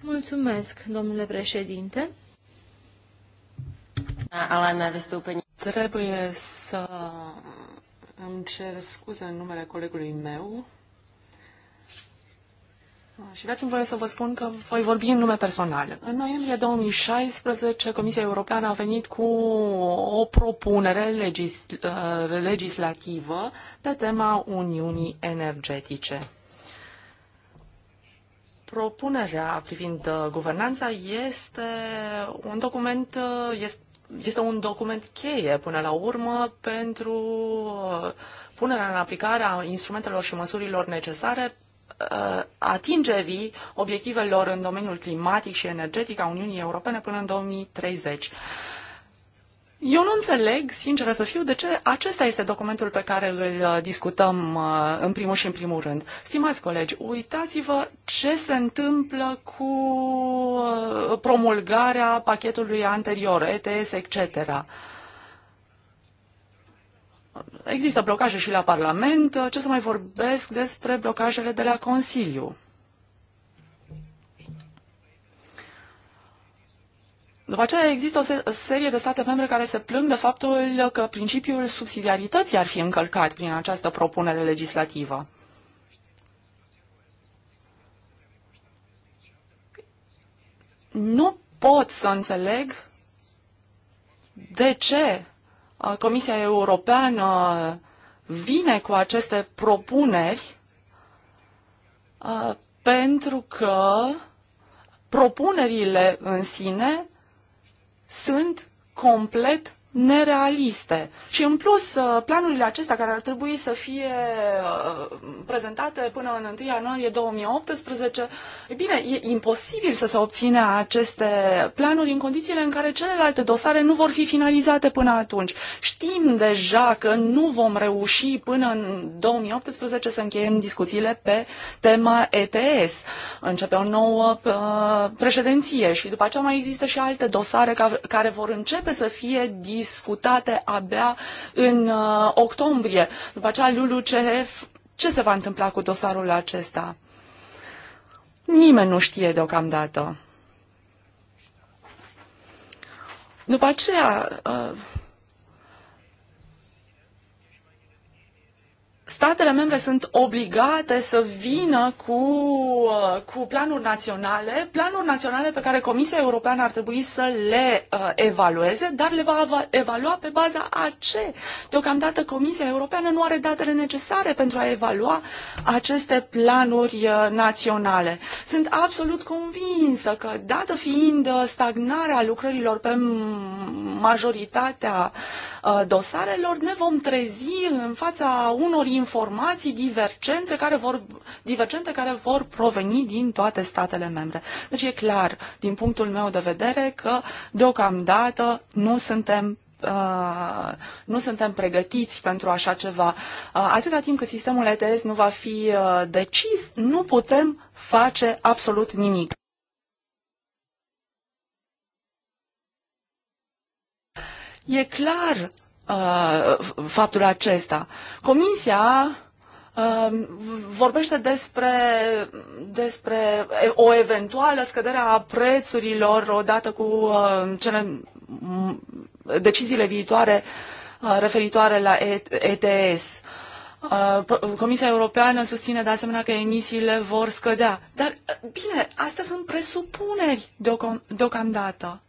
[SPEAKER 1] Mulțumesc, uh, domnule președinte.
[SPEAKER 3] Trebuie să îmi cer scuze în numele colegului meu, și dați-mi voie să vă spun că voi vorbi în nume personal. În noiembrie 2016, Comisia Europeană a venit cu o propunere legis- uh, legislativă pe tema Uniunii Energetice. Propunerea privind uh, guvernanța este un document, uh, este, un document cheie până la urmă pentru punerea în aplicare a instrumentelor și măsurilor necesare Uh, atingerii obiectivelor în domeniul climatic și energetic a Uniunii Europene până în 2030. Eu nu înțeleg, sinceră să fiu, de ce acesta este documentul pe care îl uh, discutăm uh, în primul și în primul rând. Stimați colegi, uitați-vă ce se întâmplă cu promulgarea pachetului anterior, ETS, etc. Există blocaje și la Parlament. Ce să mai vorbesc despre blocajele de la Consiliu? După aceea există o serie de state membre care se plâng de faptul că principiul subsidiarității ar fi încălcat prin această propunere legislativă. Nu pot să înțeleg de ce Comisia Europeană vine cu aceste propuneri pentru că propunerile în sine sunt complet nerealiste. Și în plus, uh, planurile acestea care ar trebui să fie uh, prezentate până în 1 ianuarie 2018, e bine, e imposibil să se obține aceste planuri în condițiile în care celelalte dosare nu vor fi finalizate până atunci. Știm deja că nu vom reuși până în 2018 să încheiem discuțiile pe tema ETS. Începe o nouă uh, președinție și după aceea mai există și alte dosare care vor începe să fie discutate discutate abia în uh, octombrie. După aceea, LULUCF, ce se va întâmpla cu dosarul acesta? Nimeni nu știe deocamdată. După aceea, uh, statele membre sunt obligate să vină cu, uh, cu planuri naționale, planuri naționale pe care Comisia Europeană ar trebui să le uh, evalueze, dar le va evalua pe baza a ce? Deocamdată Comisia Europeană nu are datele necesare pentru a evalua aceste planuri uh, naționale. Sunt absolut convinsă că, dată fiind uh, stagnarea lucrărilor pe majoritatea uh, dosarelor, ne vom trezi în fața unor informații informații divergențe care vor, divergente care vor proveni din toate statele membre. Deci e clar, din punctul meu de vedere, că deocamdată nu suntem Uh, nu suntem pregătiți pentru așa ceva. Uh, atâta timp cât sistemul ETS nu va fi uh, decis, nu putem face absolut nimic. E clar Uh, faptul acesta. Comisia uh, vorbește despre, despre o eventuală scădere a prețurilor odată cu uh, cele deciziile viitoare referitoare la ETS. Comisia Europeană susține de asemenea că emisiile vor scădea. Dar, bine, astea sunt presupuneri deocamdată.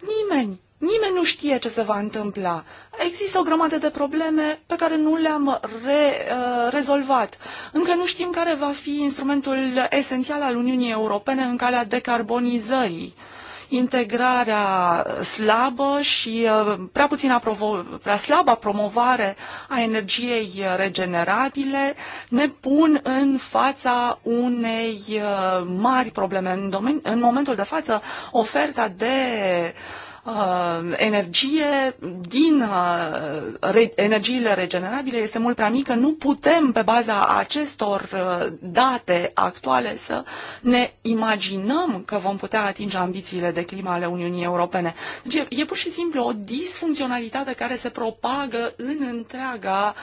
[SPEAKER 3] Nimeni Nimeni nu știe ce se va întâmpla. Există o grămadă de probleme pe care nu le-am re, uh, rezolvat. Încă nu știm care va fi instrumentul esențial al Uniunii Europene în calea decarbonizării. Integrarea slabă și uh, prea, puțină provo- prea slabă promovare a energiei regenerabile ne pun în fața unei uh, mari probleme. În, în momentul de față, oferta de uh, Uh, energie din uh, energiile regenerabile este mult prea mică. Nu putem, pe baza acestor uh, date actuale, să ne imaginăm că vom putea atinge ambițiile de clima ale Uniunii Europene. Deci e, e pur și simplu o disfuncționalitate care se propagă în întreaga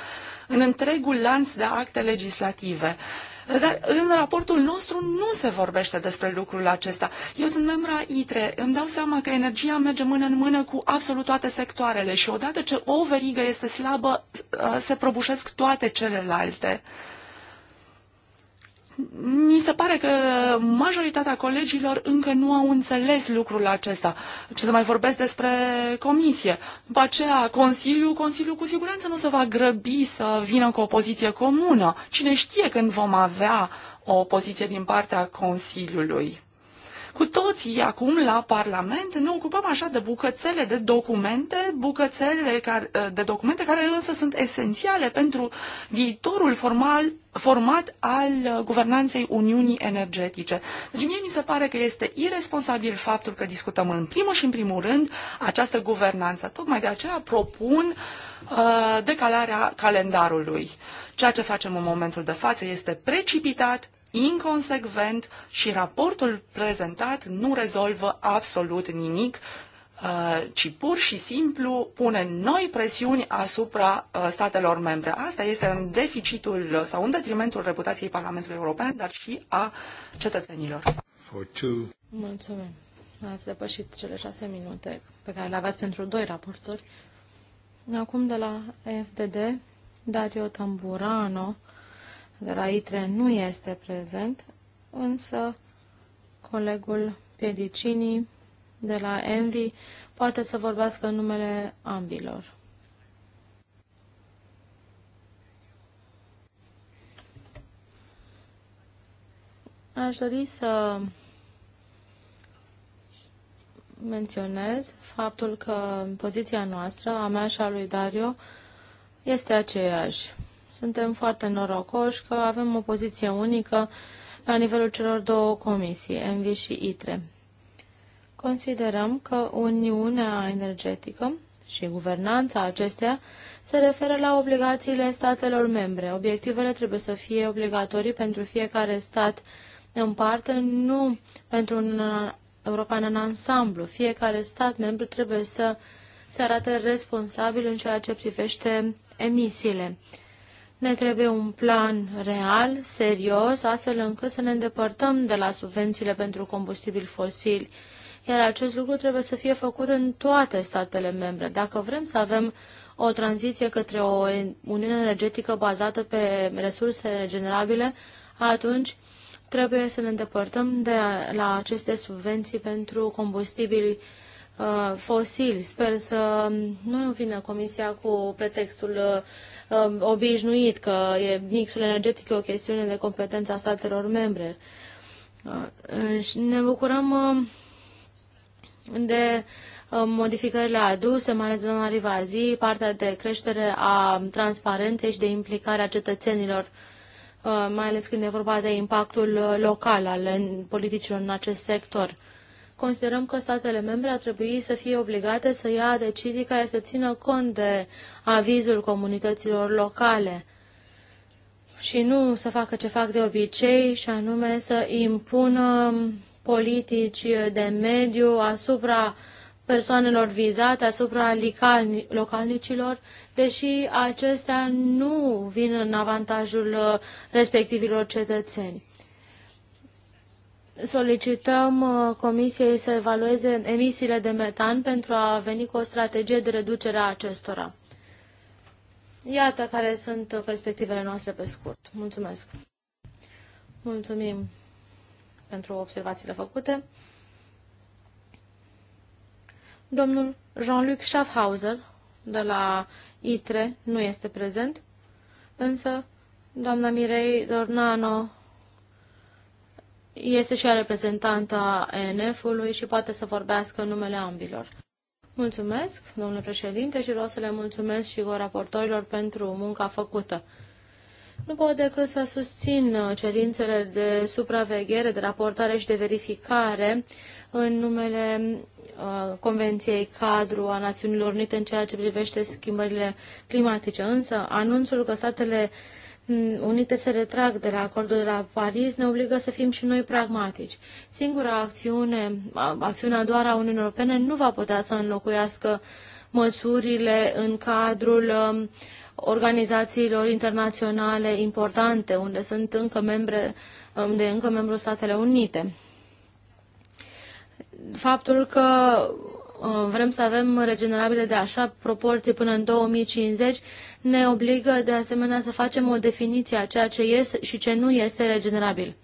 [SPEAKER 3] în întregul lanț de acte legislative. Uh, dar în raportul nostru nu se vorbește despre lucrul acesta. Eu sunt membra ITRE, îmi dau seama că energia merge mână în mână cu absolut toate sectoarele și odată ce o verigă este slabă, uh, se prăbușesc toate celelalte. Uh, mi se pare că majoritatea colegilor încă nu au înțeles lucrul acesta. Ce să mai vorbesc despre comisie. După aceea, Consiliu, Consiliu cu siguranță nu se va grăbi să vină cu o poziție comună. Cine știe când vom avea o poziție din partea Consiliului. Cu toții acum la Parlament ne ocupăm așa de bucățele de documente, bucățele care, eh, de documente care însă sunt esențiale pentru viitorul formal, format al eh, guvernanței Uniunii Energetice. Deci mie mi se pare că este irresponsabil faptul că discutăm în primul și în primul rând această guvernanță. Tocmai de aceea propun uh, decalarea calendarului. Ceea ce facem în momentul de față este precipitat, inconsecvent și raportul prezentat nu rezolvă absolut nimic, uh, ci pur și simplu pune noi presiuni asupra uh, statelor membre. Asta este în deficitul sau în detrimentul reputației Parlamentului European, dar și a
[SPEAKER 1] cetățenilor. Mulțumim. Ați depășit cele șase minute pe care le aveați pentru doi raportori. Acum de la FDD, Dario Tamburano de la ITRE nu este prezent, însă colegul Pedicini de la Envi poate să vorbească în numele ambilor. Aș dori să menționez faptul că poziția noastră, a mea și a lui Dario, este aceeași. Suntem foarte norocoși că avem o poziție unică la nivelul celor două comisii, ENVI și ITRE. Considerăm că Uniunea Energetică și guvernanța acestea se referă la obligațiile statelor membre. Obiectivele trebuie să fie obligatorii pentru fiecare stat în parte, nu pentru un european în ansamblu. Fiecare stat membru trebuie să se arate responsabil în ceea ce privește emisiile. Ne trebuie un plan real, serios, astfel încât să ne îndepărtăm de la subvențiile pentru combustibili fosili, iar acest lucru trebuie să fie făcut în toate statele membre. Dacă vrem să avem o tranziție către o uniune energetică bazată pe resurse regenerabile, atunci trebuie să ne îndepărtăm de la aceste subvenții pentru combustibili uh, fosili. Sper să nu vină Comisia cu pretextul uh, uh, obișnuit că e, mixul energetic e o chestiune de competență a statelor membre. Uh, și ne bucurăm uh, de um, modificările aduse, mai ales arriva zi, partea de creștere a transparenței și de implicarea cetățenilor, uh, mai ales când e vorba de impactul uh, local al politicilor în acest sector considerăm că statele membre ar trebui să fie obligate să ia decizii care să țină cont de avizul comunităților locale și nu să facă ce fac de obicei, și anume să impună politici de mediu asupra persoanelor vizate, asupra localnicilor, deși acestea nu vin în avantajul respectivilor cetățeni solicităm uh, Comisiei să evalueze emisiile de metan pentru a veni cu o strategie de reducere a acestora. Iată care sunt perspectivele noastre pe scurt. Mulțumesc! Mulțumim pentru observațiile făcute. Domnul Jean-Luc Schaffhauser de la ITRE nu este prezent, însă doamna Mirei Dornano este și ea reprezentanta ENF-ului și poate să vorbească în numele ambilor. Mulțumesc, domnule președinte, și vreau să le mulțumesc și raportorilor pentru munca făcută. Nu pot decât să susțin uh, cerințele de supraveghere, de raportare și de verificare în numele uh, Convenției Cadru a Națiunilor Unite în ceea ce privește schimbările climatice. Însă, anunțul că statele Unite se retrag de la acordul de la Paris, ne obligă să fim și noi pragmatici. Singura acțiune, acțiunea doar a Uniunii Europene, nu va putea să înlocuiască măsurile în cadrul um, organizațiilor internaționale importante, unde sunt încă membre, unde încă membru Statele Unite. Faptul că Uh, vrem să avem regenerabile de așa proporție până în 2050, ne obligă de asemenea să facem o definiție a ceea ce este și ce nu este regenerabil.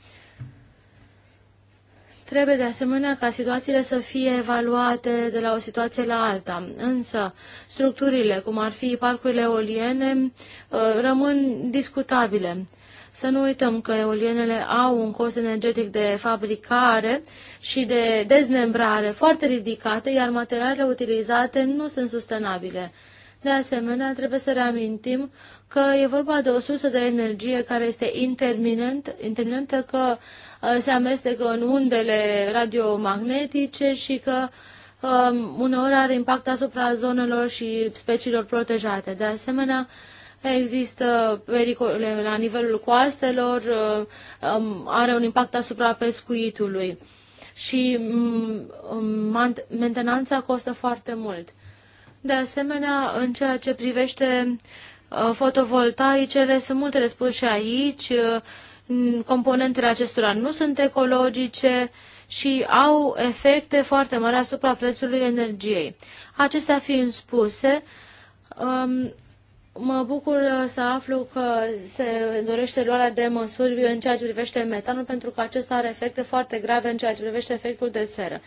[SPEAKER 1] Trebuie de asemenea ca situațiile să fie evaluate de la o situație la alta, însă structurile, cum ar fi parcurile eoliene, uh, rămân discutabile. Să nu uităm că eolienele au un cost energetic de fabricare și de dezmembrare foarte ridicate, iar materialele utilizate nu sunt sustenabile. De asemenea, trebuie să reamintim că e vorba de o sursă de energie care este interminent, interminentă, că uh, se amestecă în undele radiomagnetice și că um, uneori are impact asupra zonelor și speciilor protejate. De asemenea, există pericole la nivelul coastelor, uh, um, are un impact asupra pescuitului și mm, mm, mentenanța costă foarte mult. De asemenea, în ceea ce privește uh, fotovoltaicele, sunt multe de spus și aici, uh, componentele acestora nu sunt ecologice, și au efecte foarte mari asupra prețului energiei. Acestea fiind spuse, um, Mă bucur uh, să aflu că se dorește luarea de măsuri uh, în ceea ce privește metanul, pentru că acesta are efecte foarte grave în ceea ce privește efectul de seră.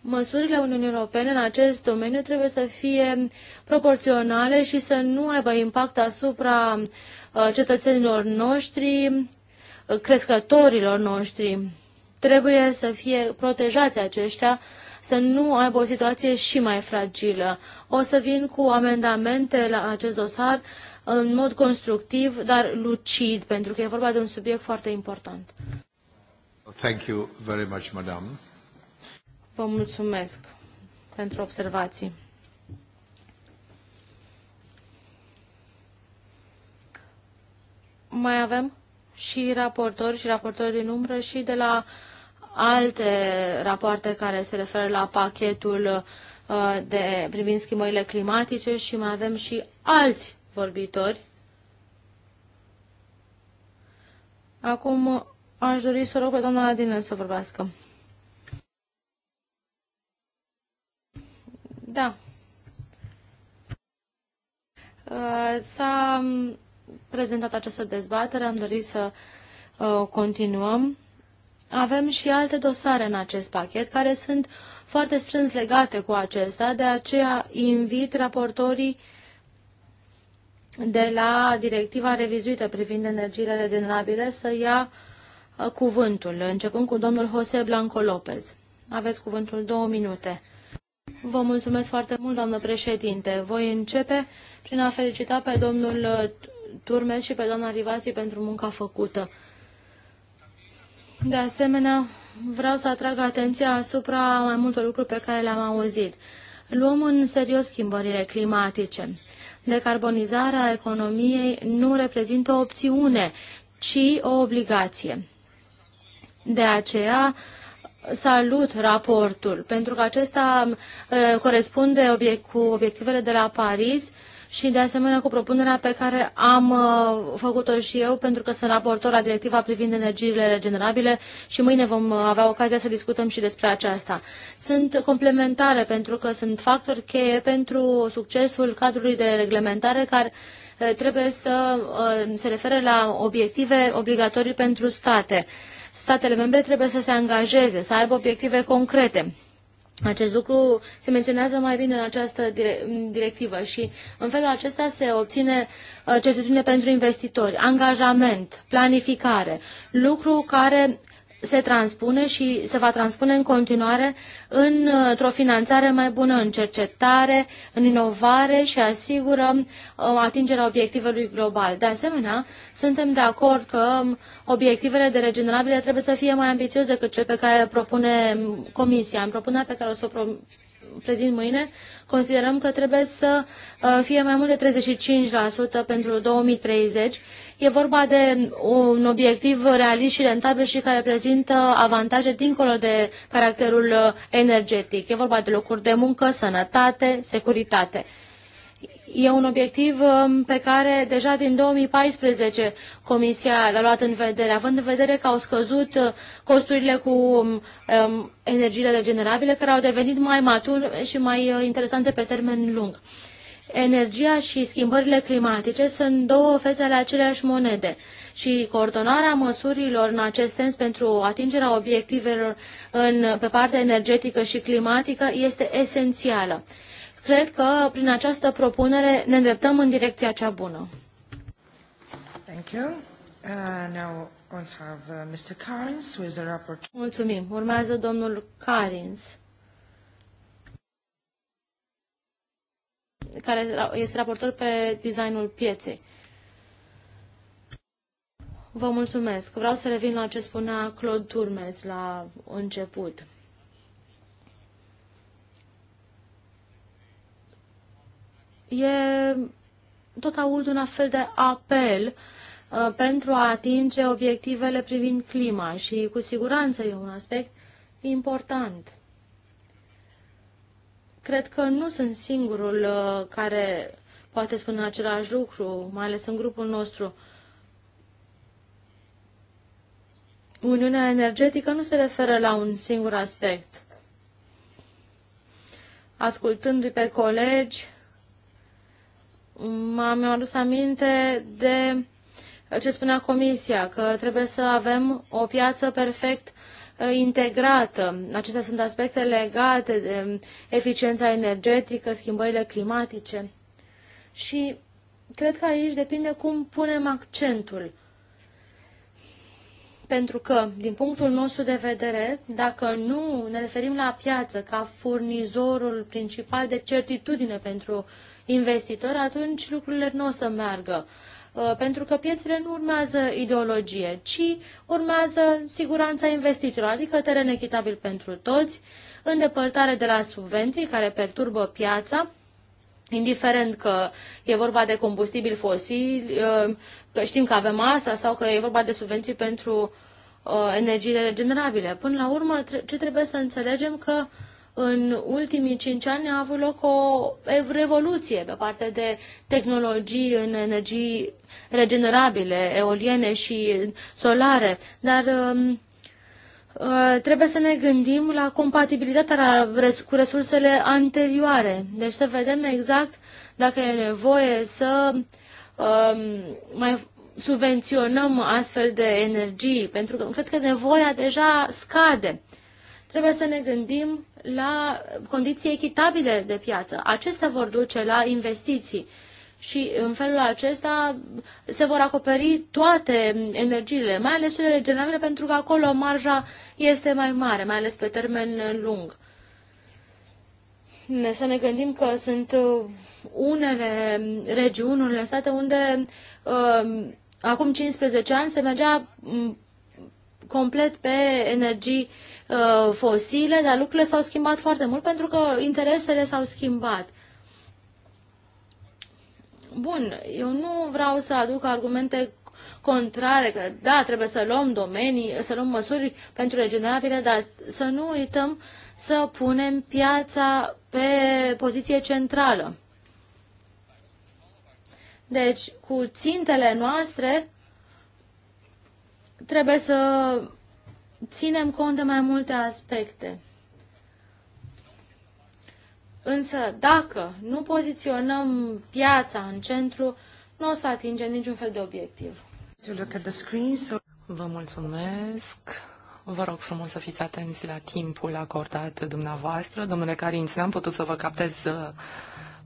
[SPEAKER 1] Măsurile Uniunii Europene în acest domeniu trebuie să fie proporționale și să nu aibă impact asupra uh, cetățenilor noștri, crescătorilor noștri. Trebuie să fie protejați aceștia să nu aibă o situație și mai fragilă. O să vin cu amendamente la acest dosar în mod constructiv, dar lucid, pentru că e vorba de un subiect foarte important. Thank you very much, madam. Vă mulțumesc pentru observații. Mai avem și raportori și raportori din umbră și de la uh, alte rapoarte care se referă la pachetul uh, de, privind schimbările climatice și mai avem și alți vorbitori. Acum aș dori să rog pe doamna Adina să vorbească. Da. Uh, s-a prezentat această dezbatere, am dorit să uh, continuăm avem și alte dosare în acest pachet care sunt foarte strâns legate cu acesta, de aceea invit raportorii de la directiva revizuită privind energiile regenerabile să ia uh, cuvântul, începând cu domnul Jose Blanco Lopez. Aveți cuvântul două minute. Vă mulțumesc foarte mult, doamnă președinte. Voi începe prin a felicita pe domnul uh, Turmes și pe doamna Rivasi pentru munca făcută. De asemenea, vreau să atrag atenția asupra mai multor lucruri pe care le-am auzit. Luăm în serios schimbările climatice. Decarbonizarea economiei nu reprezintă o opțiune, ci o obligație. De aceea, salut raportul, pentru că acesta eh, corespunde obiect cu obiectivele de la Paris și de asemenea cu propunerea pe care am uh, făcut-o și eu pentru că sunt raportor la directiva privind energiile regenerabile și mâine vom uh, avea ocazia să discutăm și despre aceasta. Sunt complementare pentru că sunt factori cheie pentru succesul cadrului de reglementare care uh, trebuie să se refere la obiective obligatorii pentru state. Statele membre trebuie să se angajeze, să aibă obiective concrete acest lucru se menționează mai bine în această directivă și în felul acesta se obține uh, certitudine pentru investitori, angajament, planificare, lucru care se transpune și se va transpune în continuare într-o finanțare mai bună în cercetare, în inovare și asigură uh, atingerea obiectivului global. De asemenea, suntem de acord că um, obiectivele de regenerabile trebuie să fie mai ambițioase decât cele pe care propune um, Comisia. În propunerea pe care o să o prezint mâine, considerăm că trebuie să uh, fie mai mult de 35% pentru 2030. E vorba de un obiectiv realist și rentabil și care prezintă avantaje dincolo de caracterul uh, energetic. E vorba de locuri de muncă, sănătate, securitate. E un obiectiv um, pe care deja din 2014 Comisia l-a luat în vedere, având în vedere că au scăzut uh, costurile cu um, um, energiile regenerabile, care au devenit mai mature și mai uh, interesante pe termen lung. Energia și schimbările climatice sunt două fețe ale aceleași monede și coordonarea măsurilor în acest sens pentru atingerea obiectivelor în, pe partea energetică și climatică este esențială. Cred că prin această propunere ne îndreptăm în direcția cea bună. Thank you. Uh, now we have uh, Mr. Carins, who is the rapporteur. Mulțumim. Urmează domnul Carins. care este raportor pe designul pieței. Vă mulțumesc. Vreau să revin la ce spunea Claude Turmes la început. e, tot aud un fel de apel uh, pentru a atinge obiectivele privind clima și cu siguranță e un aspect important. Cred că nu sunt singurul uh, care poate spune același lucru, mai ales în grupul nostru. Uniunea energetică nu se referă la un singur aspect. Ascultându-i pe colegi, m-am adus aminte de ce spunea Comisia, că trebuie să avem o piață perfect ă, integrată. Acestea sunt aspecte legate de hm, eficiența energetică, schimbările climatice. Și cred că aici depinde cum punem accentul. Pentru că, din punctul nostru de vedere, dacă nu ne referim la piață ca furnizorul principal de certitudine pentru investitor, atunci lucrurile nu o să meargă. Uh, pentru că piețele nu urmează ideologie, ci urmează siguranța investițiilor, adică teren echitabil pentru toți, îndepărtare de la subvenții care perturbă piața, indiferent că e vorba de combustibil fosil, uh, că știm că avem asta sau că e vorba de subvenții pentru uh, energiile regenerabile. Până la urmă, ce trebuie să înțelegem că uh, în ultimii cinci ani a avut loc o revoluție pe partea de tehnologii în energii regenerabile, eoliene și solare, dar um, uh, trebuie să ne gândim la compatibilitatea cu resursele anterioare. Deci să vedem exact dacă e nevoie să um, mai subvenționăm astfel de energii, pentru că cred că nevoia deja scade. Trebuie să ne gândim la condiții echitabile de piață. Acestea vor duce la investiții și în felul acesta se vor acoperi toate energiile, mai ales cele regenerabile, pentru că acolo marja este mai mare, mai ales pe termen lung. Ne să ne gândim că sunt uh, unele regiuni, unele state unde uh, acum 15 ani se mergea mm, complet pe energii uh, fosile, dar lucrurile s-au schimbat foarte mult pentru că interesele s-au schimbat. Bun, eu nu vreau să aduc argumente contrare, că da, trebuie să luăm domenii, să luăm măsuri pentru regenerabile, dar să nu uităm să punem piața pe poziție centrală. Deci, cu țintele noastre, trebuie să ținem cont de mai multe aspecte. Însă, dacă nu poziționăm piața în centru, nu o să atingem niciun fel de obiectiv.
[SPEAKER 3] Vă mulțumesc. Vă rog frumos să fiți atenți la timpul acordat dumneavoastră. Domnule Carinț, n-am putut să vă captez uh,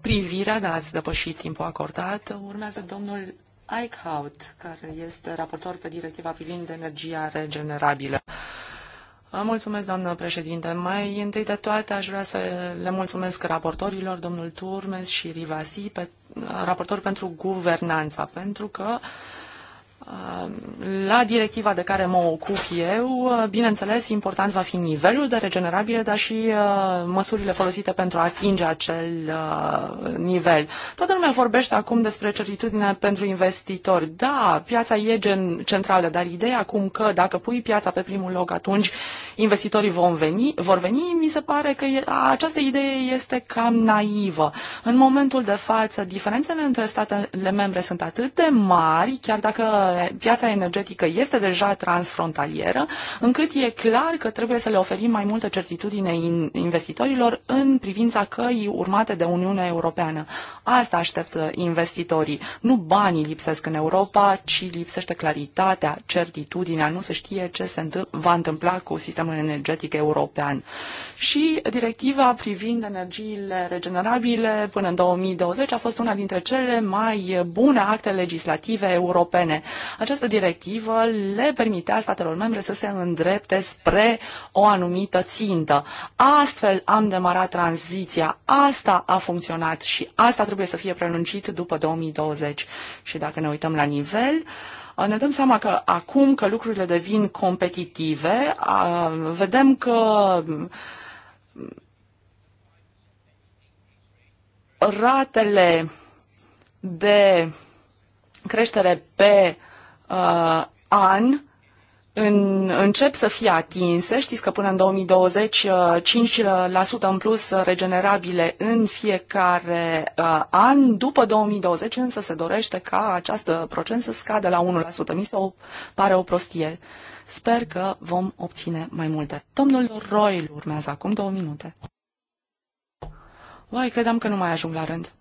[SPEAKER 3] privirea, dar ați depășit timpul acordat. Urmează domnul Eichhout, care este raportor pe directiva privind energia regenerabilă. Mulțumesc, doamnă președinte. Mai întâi de toate aș vrea să le mulțumesc raportorilor, domnul Turmes și Rivasi, pe, raportor pentru guvernanța, pentru că uh, la directiva de care mă ocup eu, bineînțeles, important va fi nivelul de regenerabile, dar și uh, măsurile folosite pentru a atinge acel uh, nivel. Toată lumea vorbește acum despre certitudine pentru investitori. Da, piața e gen centrală, dar ideea acum că dacă pui piața pe primul loc, atunci investitorii vor veni, vor veni, mi se pare că această idee este cam naivă. În momentul de față, diferențele între statele membre sunt atât de mari, chiar dacă piața energetică este deja transfrontalieră, încât e clar că trebuie să le oferim mai multă certitudine investitorilor în privința căii urmate de Uniunea Europeană. Asta așteptă investitorii. Nu banii lipsesc în Europa, ci lipsește claritatea, certitudinea, nu se știe ce se va întâmpla cu sistemul energetic european. Și directiva privind energiile regenerabile până în 2020 a fost una dintre cele mai bune acte legislative europene. Această directivă le permitea statelor membre să se îndrepte spre o anumită țintă. Astfel am demarat tranziția, asta a funcționat și asta trebuie să fie prelungit după 2020. Și dacă ne uităm la nivel, ne dăm seama că acum că lucrurile devin competitive, vedem că ratele de creștere pe uh, an în, încep să fie atinse. Știți că până în 2020 5% uh, în plus regenerabile în fiecare uh, an. După 2020 însă se dorește ca această procent să scadă la 1%. Mi se o, pare o prostie. Sper că vom obține mai multe. Domnul Roil urmează acum două minute. Uai, credeam că nu mai ajung la rând.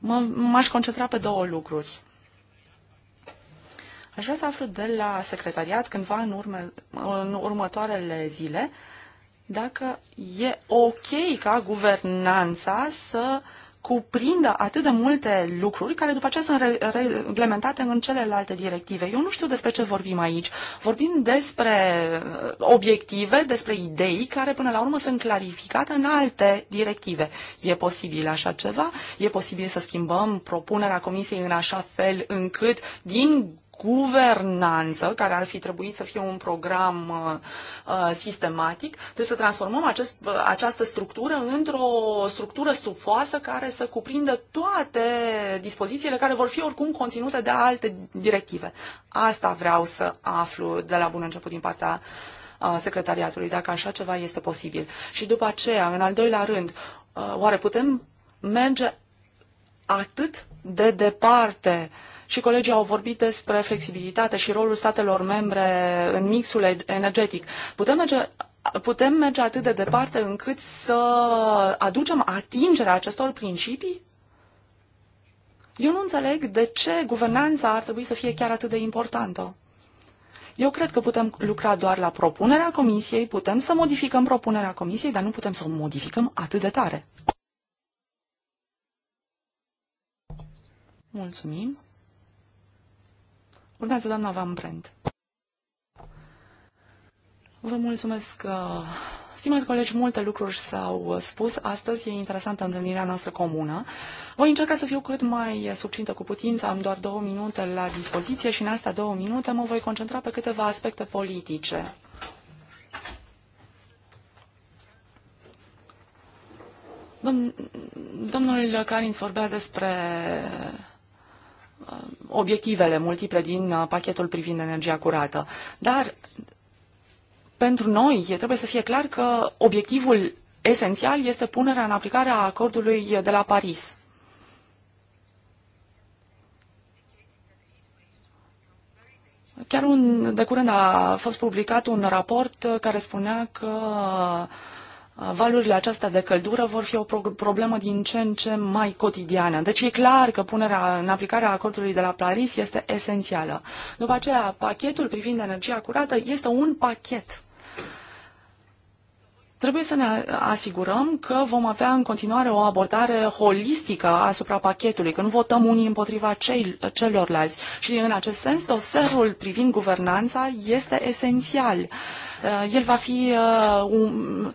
[SPEAKER 3] M-aș concentra pe două lucruri. Aș vrea să aflu de la secretariat cândva în, urme, în următoarele zile dacă e ok ca guvernanța să uh, cuprindă atât de multe lucruri care după aceea sunt reglementate în celelalte directive. Eu nu știu despre ce vorbim aici. Vorbim despre uh, obiective, despre idei care până la urmă sunt clarificate în alte directive. E posibil așa ceva? E posibil să schimbăm propunerea Comisiei în așa fel încât din guvernanță, care ar fi trebuit să fie un program uh, uh sistematic, de să transformăm acest, uh, această structură într-o structură stufoasă care să cuprindă toate dispozițiile care vor fi oricum conținute de alte directive. Asta vreau să aflu de la bun început din partea uh, secretariatului, dacă așa ceva este posibil. Și după aceea, în al doilea rând, oare putem merge atât de departe uh, și colegii au vorbit despre flexibilitate și rolul statelor membre în mixul energetic. Putem merge putem merge atât de departe încât să aducem atingerea acestor principii? Eu nu înțeleg de ce guvernanța ar trebui să fie chiar atât de importantă. Eu cred că putem lucra doar la propunerea comisiei, putem să modificăm propunerea comisiei, dar nu putem să o modificăm atât de tare. Mulțumim. Urmează doamna Van Brent. Vă mulțumesc. Uh, stimați colegi, multe lucruri s-au spus. Astăzi e interesantă întâlnirea noastră comună. Voi încerca să fiu cât mai subțintă cu putință. Am doar două minute la dispoziție și în astea două minute mă voi concentra pe câteva aspecte politice. Domn- domnul Carins vorbea despre Uh, obiectivele multiple din uh, pachetul privind energia curată. Dar pentru noi trebuie să fie clar că obiectivul esențial este punerea în aplicare a acordului de la Paris. Chiar un, de curând a fost publicat un raport care spunea că uh, valurile acestea de căldură vor fi o problemă din ce în ce mai cotidiană. Deci e clar că punerea în aplicare a acordului de la Paris este esențială. După aceea, pachetul privind energia curată este un pachet. Trebuie să ne asigurăm că vom avea în continuare o abordare holistică asupra pachetului, că nu votăm unii împotriva cei, celorlalți. Și în acest sens, dosarul privind guvernanța este esențial. Uh, el va fi uh, un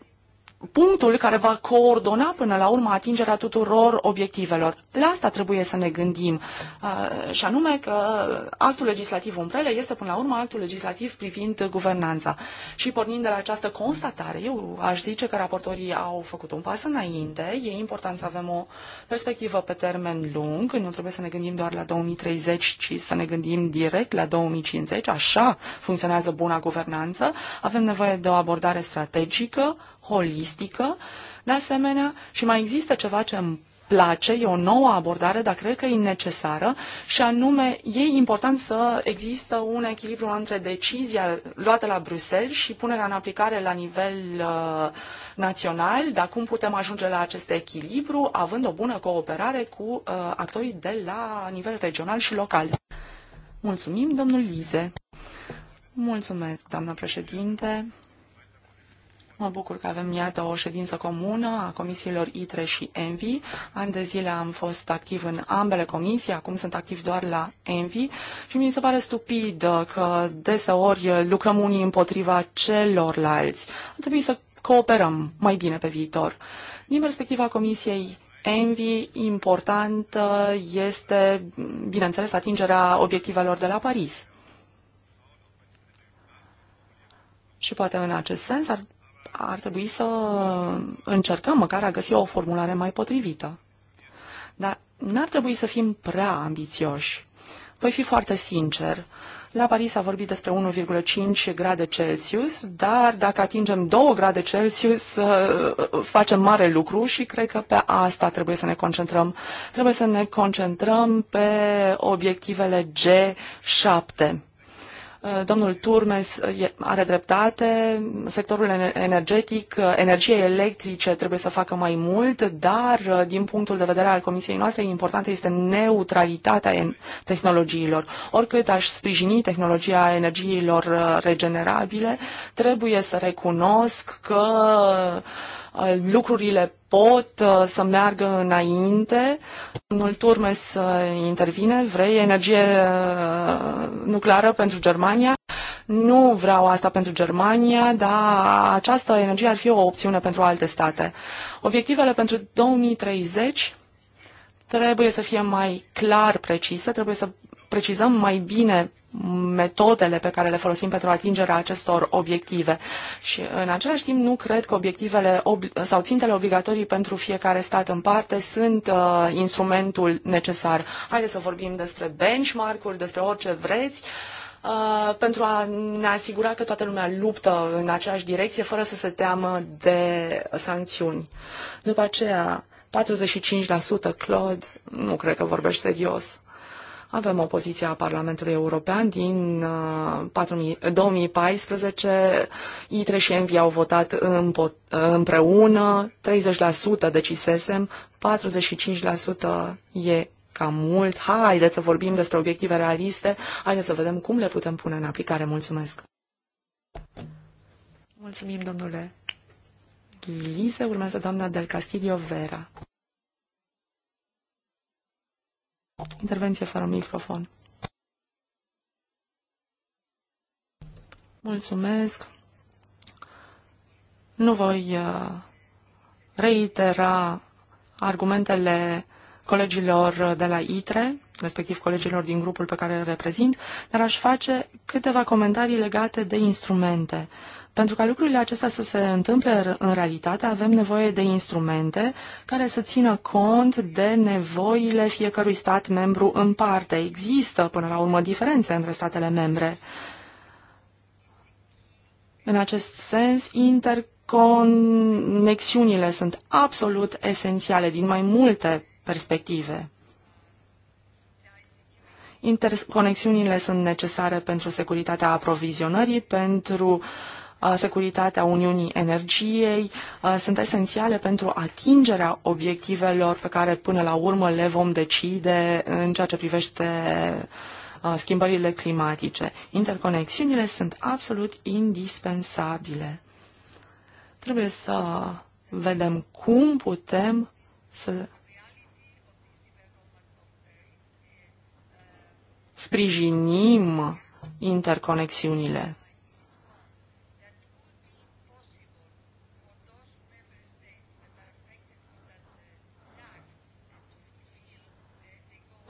[SPEAKER 3] punctul care va coordona până la urmă atingerea tuturor obiectivelor. La asta trebuie să ne gândim, uh, și anume că actul legislativ umbrele este până la urmă actul legislativ privind guvernanța. Și pornind de la această constatare, eu aș zice că raportorii au făcut un pas înainte, e important să avem o perspectivă pe termen lung, nu trebuie să ne gândim doar la 2030, ci să ne gândim direct la 2050, așa funcționează buna guvernanță, avem nevoie de o abordare strategică, holistică, de asemenea, și mai există ceva ce îmi place, e o nouă abordare, dar cred că e necesară și anume e important să există un echilibru între decizia luată la Bruxelles și punerea în aplicare la nivel uh, național, dar cum putem ajunge la acest echilibru având o bună cooperare cu uh, actorii de la nivel regional și local. Mulțumim, domnul Lize. Mulțumesc, doamna președinte. Mă bucur că avem, iată, o ședință comună a comisiilor ITRE și ENVI. An de zile am fost activ în ambele comisii, acum sunt activ doar la ENVI și mi se pare stupid că deseori lucrăm unii împotriva celorlalți. Ar trebui să cooperăm mai bine pe viitor. Din perspectiva comisiei ENVI, important este, bineînțeles, atingerea obiectivelor de la Paris. Și poate în acest sens ar ar trebui să încercăm măcar a găsi o formulare mai potrivită. Dar n-ar trebui să fim prea ambițioși. Voi fi foarte sincer. La Paris a vorbit despre 1,5 grade Celsius, dar dacă atingem 2 grade Celsius, uh, facem mare lucru și cred că pe asta trebuie să ne concentrăm. Trebuie să ne concentrăm pe obiectivele G7. Uh, domnul Turmes uh, are dreptate, sectorul energetic, uh, energie electrice trebuie să facă mai mult, dar din punctul de vedere al comisiei noastre importantă este neutralitatea tehnologiilor. Oricât aș sprijini tehnologia energiilor regenerabile, trebuie să recunosc că uh, Uh, lucrurile pot uh, să meargă înainte. Domnul Turmes uh, intervine, vrei energie nucleară pentru Germania? Nu vreau asta pentru Germania, dar această energie ar fi o opțiune pentru alte state. Obiectivele pentru 2030 trebuie să fie mai clar precise, trebuie să precizăm mai bine metodele pe care le folosim pentru atingerea acestor obiective. Și în același timp nu cred că obiectivele ob- sau țintele obligatorii pentru fiecare stat în parte sunt uh, instrumentul necesar. Haideți să vorbim despre benchmark-uri, despre orice vreți. Uh, pentru a ne asigura că toată lumea luptă în aceeași direcție fără să se teamă de sancțiuni. După aceea, 45%, Claude, nu cred că vorbești serios. Avem o poziție a Parlamentului European din 2014. Uh, ITRE și ENVI au votat împreună, 30% decisesem, 45% e cam mult. Haideți să vorbim despre obiective realiste, haideți să vedem cum le putem pune în aplicare. Mulțumesc! Mulțumim, domnule Lise. Urmează doamna Del Castillo Vera. Intervenție fără microfon. Mulțumesc. Nu voi uh, reitera argumentele colegilor uh, de la ITRE, respectiv colegilor din grupul pe care îl reprezint, dar aș face câteva comentarii legate de instrumente. Pentru ca lucrurile acestea să se întâmple în realitate, avem nevoie de instrumente care să țină cont de nevoile fiecărui stat membru în parte. Există, până la urmă, diferențe între statele membre. În acest sens, interconexiunile sunt absolut esențiale din mai multe perspective. Interconexiunile sunt necesare pentru securitatea aprovizionării, pentru securitatea Uniunii Energiei sunt esențiale pentru atingerea obiectivelor pe care până la urmă le vom decide în ceea ce privește schimbările climatice. Interconexiunile sunt absolut indispensabile. Trebuie să vedem cum putem să sprijinim interconexiunile.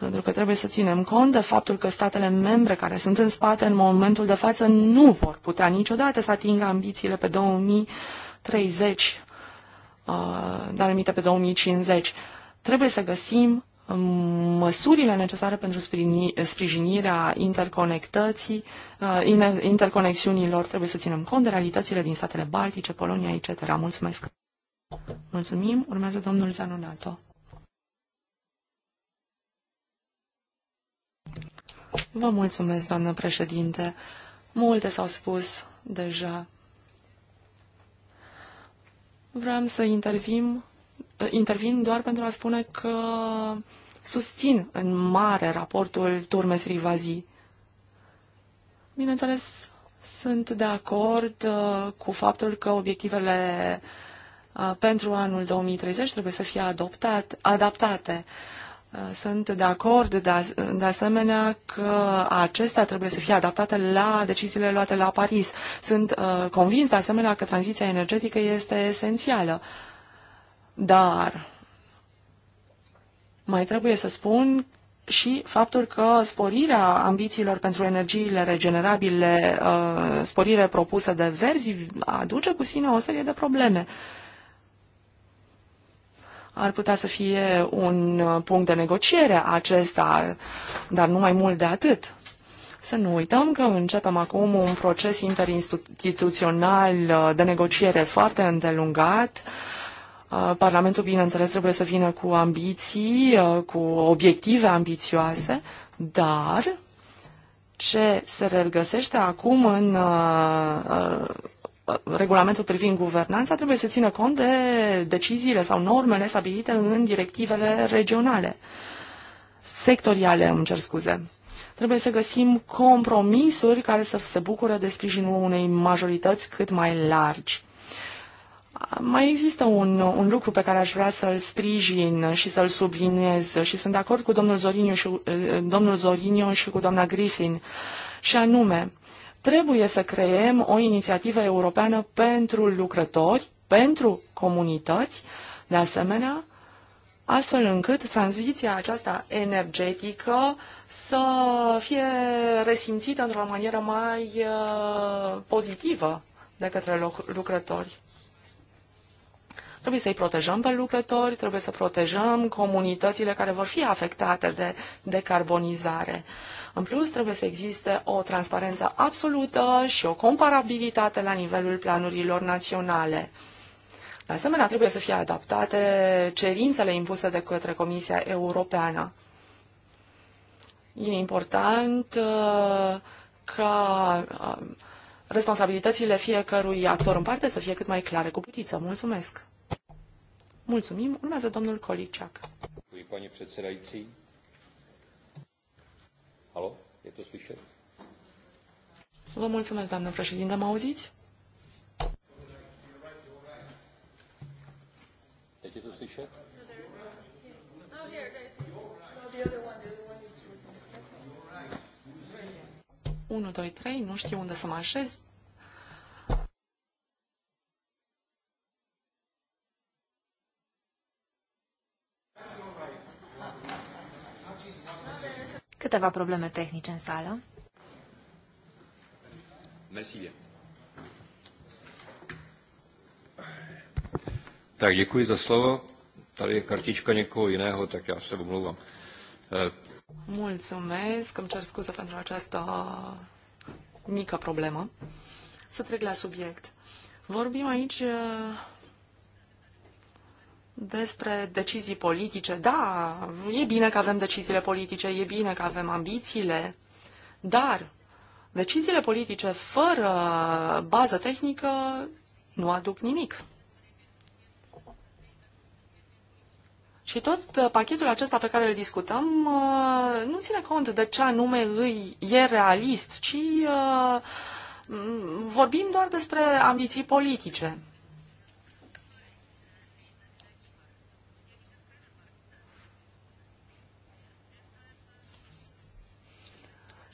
[SPEAKER 3] Pentru că trebuie să ținem cont de faptul că statele membre care sunt în spate în momentul de față nu vor putea niciodată să atingă ambițiile pe 2030, uh, dar emite pe 2050. Trebuie să găsim um, măsurile necesare pentru sprijinirea interconectății, uh, interconexiunilor. Trebuie să ținem cont de realitățile din statele Baltice, Polonia, etc. Mulțumesc! Mulțumim! Urmează domnul Zanonato. Vă mulțumesc, doamnă președinte. Multe s-au spus deja. Vreau să intervin, intervin doar pentru a spune că susțin în mare raportul Turmes Rivazi. Bineînțeles, sunt de acord uh, cu faptul că obiectivele uh, pentru anul 2030 trebuie să fie adoptat, adaptate. Uh, sunt de acord, de asemenea, că acestea trebuie să fie adaptate la deciziile luate la Paris. Sunt uh, convins, de asemenea, că tranziția energetică este esențială. Dar mai trebuie să spun și faptul că sporirea ambițiilor pentru energiile regenerabile, uh, sporirea propusă de verzi, aduce cu sine o serie de probleme ar putea să fie un uh, punct de negociere acesta, dar nu mai mult de atât. Să nu uităm că începem acum un proces interinstituțional uh, de negociere foarte îndelungat. Uh, Parlamentul, bineînțeles, trebuie să vină cu ambiții, cu obiective ambițioase, dar ce se regăsește acum în regulamentul privind guvernanța trebuie să țină cont de deciziile sau normele stabilite în directivele regionale, sectoriale, îmi cer scuze. Trebuie să găsim compromisuri care să se bucure de sprijinul unei majorități cât mai largi. Mai există un, un lucru pe care aș vrea să-l sprijin și să-l subliniez și sunt de acord cu domnul Zoriniu și, uh, domnul Zoriniu și cu doamna Griffin și anume Trebuie să creem o inițiativă europeană pentru lucrători, pentru comunități, de asemenea, astfel încât tranziția aceasta energetică să fie resimțită într-o manieră mai uh, pozitivă de către lucrători. Trebuie să-i protejăm pe lucrători, trebuie să protejăm comunitățile care vor fi afectate de decarbonizare. În plus, trebuie să existe o transparență absolută și o comparabilitate la nivelul planurilor naționale. De asemenea, trebuie să fie adaptate cerințele impuse de către Comisia Europeană. E important uh, ca uh, responsabilitățile fiecărui actor în parte să fie cât mai clare cu putință. Mulțumesc! Mulțumim! Urmează domnul Coliceac. Păi, Alo? E to slyšet? Vă mulțumesc, doamnă președinte. Mă auziți? Teď deci je to slyšet? Unu, doi, trei, nu știu unde să mă așez.
[SPEAKER 2] câteva probleme tehnice în sală. Mersi bien. Tak děkuji za slovo. Tady je kartička někoho jiného, tak já se omlouvám. Eh,
[SPEAKER 3] Mulțumesc, îmi cer scuze pentru această mică problemă. Să trec la subiect. Vorbim aici eh, despre decizii politice. Da, e bine că avem deciziile politice, e bine că avem ambițiile, dar deciziile politice fără bază tehnică nu aduc nimic. Și tot pachetul acesta pe care îl discutăm uh, nu ține cont de ce anume îi e realist, ci uh, vorbim doar despre ambiții politice.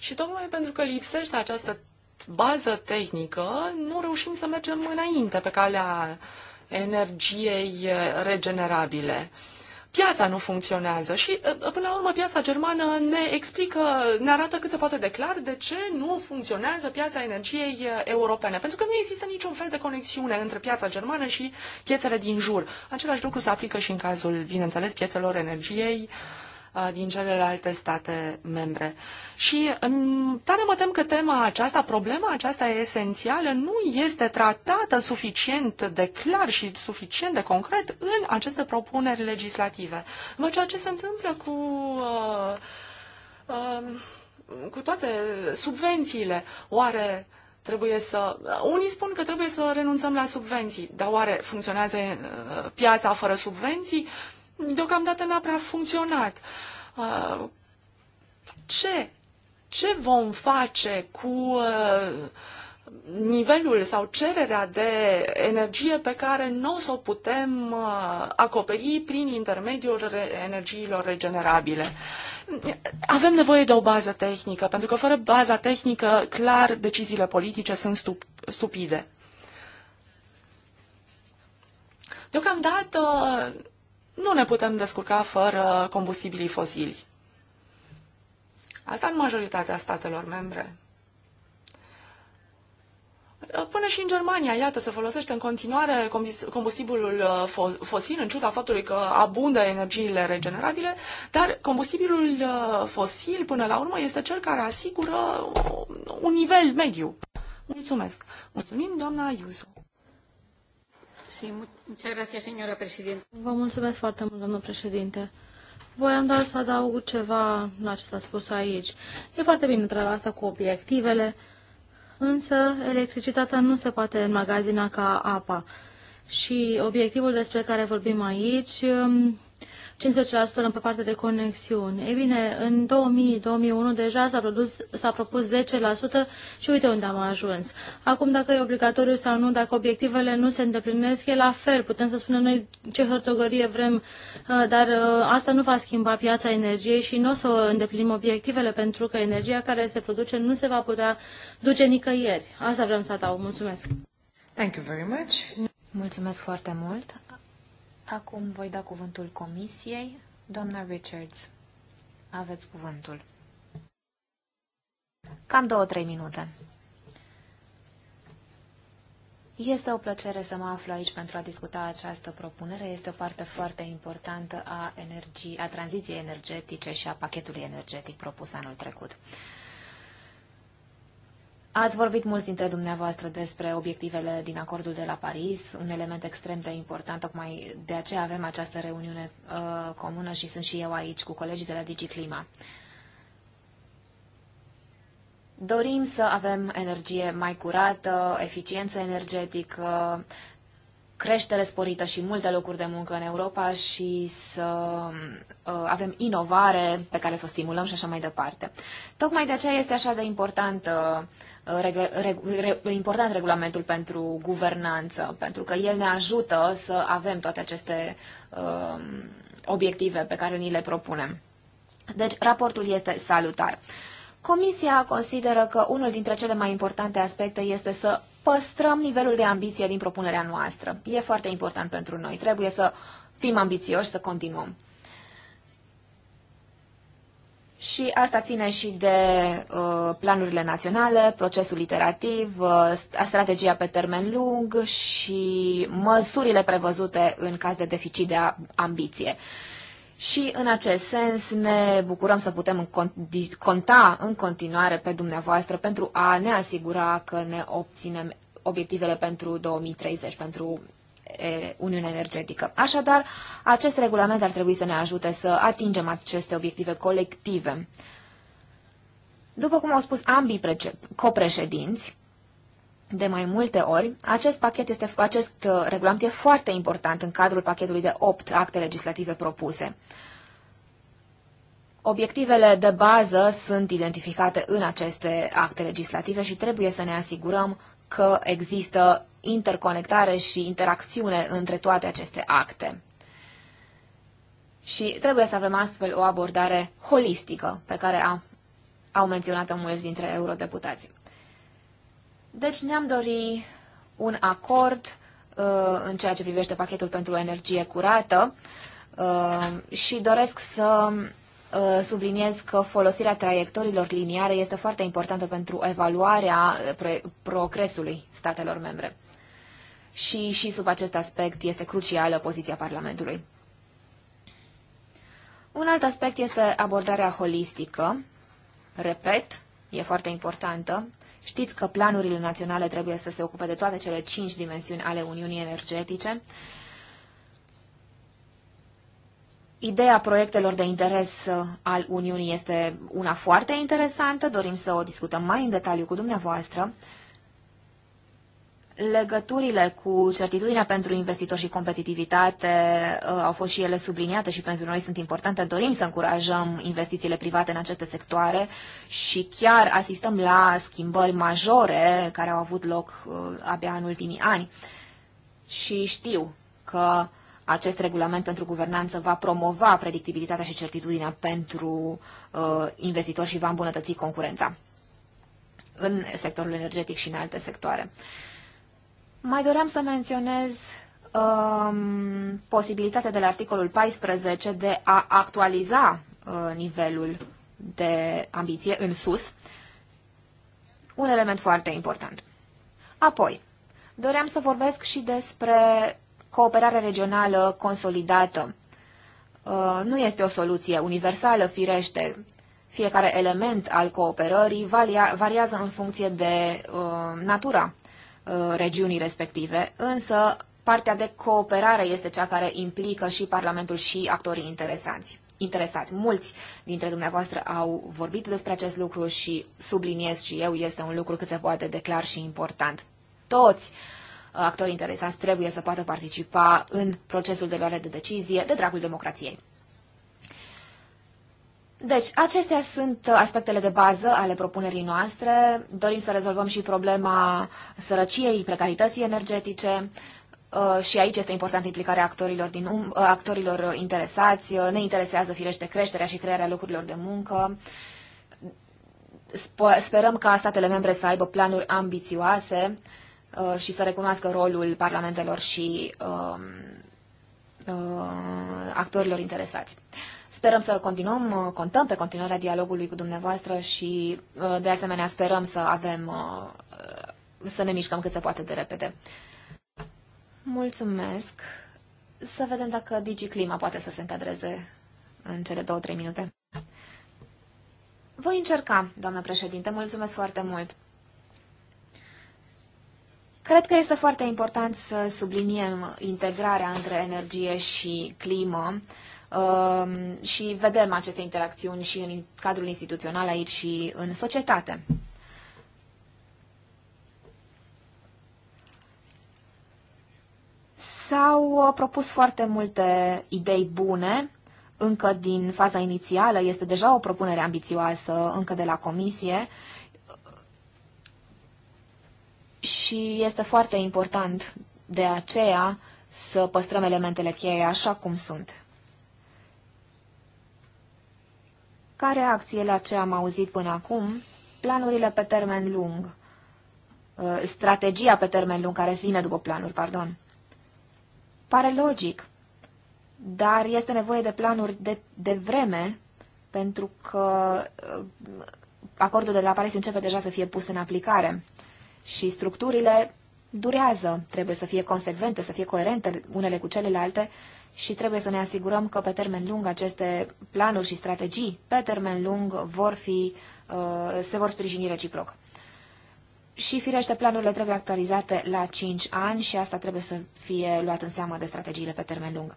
[SPEAKER 3] Și tocmai pentru că lipsește această bază tehnică, nu reușim să mergem înainte pe calea energiei regenerabile. Piața nu funcționează și, ă, ă, până la urmă, piața germană ne explică, ne arată cât se poate de clar de ce nu funcționează piața energiei ă, europene. Pentru că nu există niciun fel de conexiune între piața germană și piețele din jur. Același lucru se aplică și în cazul, bineînțeles, piețelor energiei uh, din celelalte state membre. Și tare mă tem că tema aceasta, problema aceasta esențială, nu este tratată suficient de clar și suficient de concret în aceste propuneri legislative. Mă, ceea ce se întâmplă cu uh, uh, cu toate subvențiile, oare trebuie să... Unii spun că trebuie să renunțăm la subvenții, dar oare funcționează piața fără subvenții? deocamdată n-a prea funcționat. Uh, ce? Ce vom face cu uh, nivelul sau cererea de energie pe care nu o să o putem uh, acoperi prin intermediul energiilor regenerabile. Avem nevoie de o bază tehnică, pentru că fără baza tehnică, clar, deciziile politice sunt stup- stupide. Deocamdată, nu ne putem descurca fără combustibilii fosili. Asta în majoritatea statelor membre. Până și în Germania, iată, se folosește în continuare combustibilul uh, fosil, în ciuda faptului că abundă energiile regenerabile, dar combustibilul uh, fosil, până la urmă, este cel care asigură un nivel mediu.
[SPEAKER 1] Mulțumesc. Mulțumim,
[SPEAKER 3] doamna Iuzu.
[SPEAKER 1] Vă mulțumesc foarte mult, doamnă președinte. Voiam doar să adaug ceva la ce s-a spus aici. E foarte bine treaba asta cu obiectivele, însă electricitatea nu se poate înmagazina ca apa. Și obiectivul despre care vorbim aici 15% în pe partea de conexiuni. Ei bine, în 2000-2001 deja s-a, produs, s-a propus 10% și uite unde am ajuns. Acum, dacă e obligatoriu sau nu, dacă obiectivele nu se îndeplinesc, e la fel. Putem să spunem noi ce hărțogărie vrem, uh, dar uh, asta nu va schimba piața energiei și nu o să îndeplinim obiectivele, pentru că energia care se produce nu se va putea duce nicăieri.
[SPEAKER 2] Asta vrem să adaug. Mulțumesc! Thank you very much. Mulțumesc foarte mult. Acum voi da cuvântul comisiei. Doamna Richards, aveți cuvântul. Cam două-trei minute. Este o plăcere să mă aflu aici pentru a discuta această propunere. Este o parte foarte importantă a, energie, a tranziției energetice și a pachetului energetic propus anul trecut. Ați vorbit mult dintre dumneavoastră despre obiectivele din acordul de la Paris, un element extrem de important, tocmai de aceea avem această reuniune uh, comună și sunt și eu aici cu colegii de la DigiClima. Dorim să avem energie mai curată, eficiență energetică, creștere sporită și multe locuri de muncă în Europa și să uh, avem inovare pe care să o stimulăm și așa mai departe. Tocmai de aceea este așa de importantă important regulamentul pentru guvernanță, pentru că el ne ajută să avem toate aceste um, obiective pe care ni le propunem. Deci, raportul este salutar. Comisia consideră că unul dintre cele mai importante aspecte este să păstrăm nivelul de ambiție din propunerea noastră. E foarte important pentru noi. Trebuie să fim ambițioși, să continuăm. Și asta ține și de uh, planurile naționale, procesul iterativ, uh, strategia pe termen lung și măsurile prevăzute în caz de deficit de ambiție. Și în acest sens ne bucurăm să putem conta în continuare pe dumneavoastră pentru a ne asigura că ne obținem obiectivele pentru 2030, pentru Uniune Energetică. Așadar, acest regulament ar trebui să ne ajute să atingem aceste obiective colective. După cum au spus ambii copreședinți, de mai multe ori, acest, pachet este, acest uh, regulament este foarte important în cadrul pachetului de 8 acte legislative propuse. Obiectivele de bază sunt identificate în aceste acte legislative și trebuie să ne asigurăm că există interconectare și interacțiune între toate aceste acte. Și trebuie să avem astfel o abordare holistică pe care a, au menționat-o mulți dintre eurodeputații. Deci ne-am dorit un acord uh, în ceea ce privește pachetul pentru energie curată uh, și doresc să uh, subliniez că folosirea traiectoriilor liniare este foarte importantă pentru evaluarea uh, progresului statelor membre și, și sub acest aspect este crucială poziția Parlamentului. Un alt aspect este abordarea holistică. Repet, e foarte importantă. Știți că planurile naționale trebuie să se ocupe de toate cele cinci dimensiuni ale Uniunii Energetice. Ideea proiectelor de interes uh, al Uniunii este una foarte interesantă, dorim să o discutăm mai în detaliu cu dumneavoastră. Legăturile cu certitudinea pentru investitori și competitivitate uh, au fost și ele subliniate și pentru noi sunt importante. Dorim să încurajăm investițiile private în aceste sectoare și chiar asistăm la schimbări majore care au avut loc uh, abia în ultimii ani. Și știu că acest regulament pentru guvernanță va promova predictibilitatea și certitudinea pentru uh, investitori și va îmbunătăți concurența în sectorul energetic și în alte sectoare. Mai doream să menționez um, posibilitatea de la articolul 14 de a actualiza uh, nivelul de ambiție în sus, un element foarte important. Apoi, doream să vorbesc și despre cooperare regională consolidată. Uh, nu este o soluție universală, firește. Fiecare element al cooperării variază în funcție de uh, natura Uh, regiunii respective, însă partea de cooperare este cea care implică și Parlamentul și actorii interesanți. Interesați. Mulți dintre dumneavoastră au vorbit despre acest lucru și subliniez și eu, este un lucru cât se poate de clar și important. Toți uh, actorii interesanți trebuie să poată participa în procesul de luare de decizie de dragul democrației. Deci, acestea sunt aspectele de bază ale propunerii noastre. Dorim să rezolvăm și problema sărăciei, precarității energetice. Uh, și aici este importantă implicarea actorilor, din, um, uh, actorilor interesați. Uh, ne interesează, firește, creșterea și crearea locurilor de muncă. Sperăm ca statele membre să aibă planuri ambițioase și să recunoască rolul parlamentelor și um, actorilor interesați. Sperăm să continuăm, contăm pe continuarea dialogului cu dumneavoastră și, uh, de asemenea, sperăm să avem, uh, uh, să ne mișcăm cât se poate de repede. Mulțumesc. Să vedem dacă DigiClima poate să se încadreze în cele două-trei minute. Voi încerca, doamnă președinte. Mulțumesc foarte mult. Cred că este foarte important să subliniem integrarea între energie și climă Um, și vedem aceste interacțiuni și în cadrul instituțional aici și în societate. S-au uh, propus foarte multe idei bune, încă din faza inițială, este deja o propunere ambițioasă încă de la comisie și este foarte important de aceea să păstrăm elementele cheie așa cum sunt. Ca reacție la ce am auzit până acum, planurile pe termen lung, uh, strategia pe termen lung care vine după planuri, pardon, pare logic, dar este nevoie de planuri de, de vreme, pentru că uh, acordul de la Paris începe deja să fie pus în aplicare și structurile durează, trebuie să fie consecvente, să fie coerente unele cu celelalte și trebuie să ne asigurăm că pe termen lung aceste planuri și strategii pe termen lung vor fi, uh, se vor sprijini reciproc. Și firește, planurile trebuie actualizate la 5 ani și asta trebuie să fie luat în seamă de strategiile pe termen lung.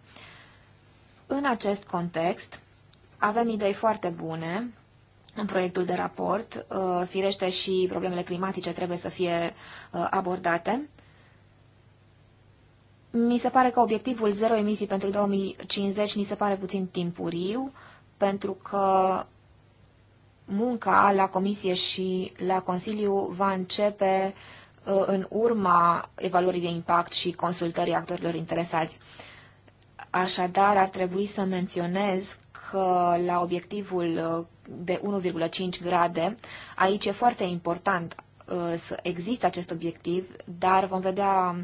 [SPEAKER 2] În acest context, avem idei foarte bune în proiectul de raport. Uh, firește și problemele climatice trebuie să fie uh, abordate. Mi se pare că obiectivul zero emisii pentru 2050 ni se pare puțin timpuriu, pentru că munca la Comisie și la Consiliu va începe uh, în urma evaluării de impact și consultării actorilor interesați. Așadar, ar trebui să menționez că la obiectivul de 1,5 grade. Aici e foarte important uh, să existe acest obiectiv, dar vom vedea,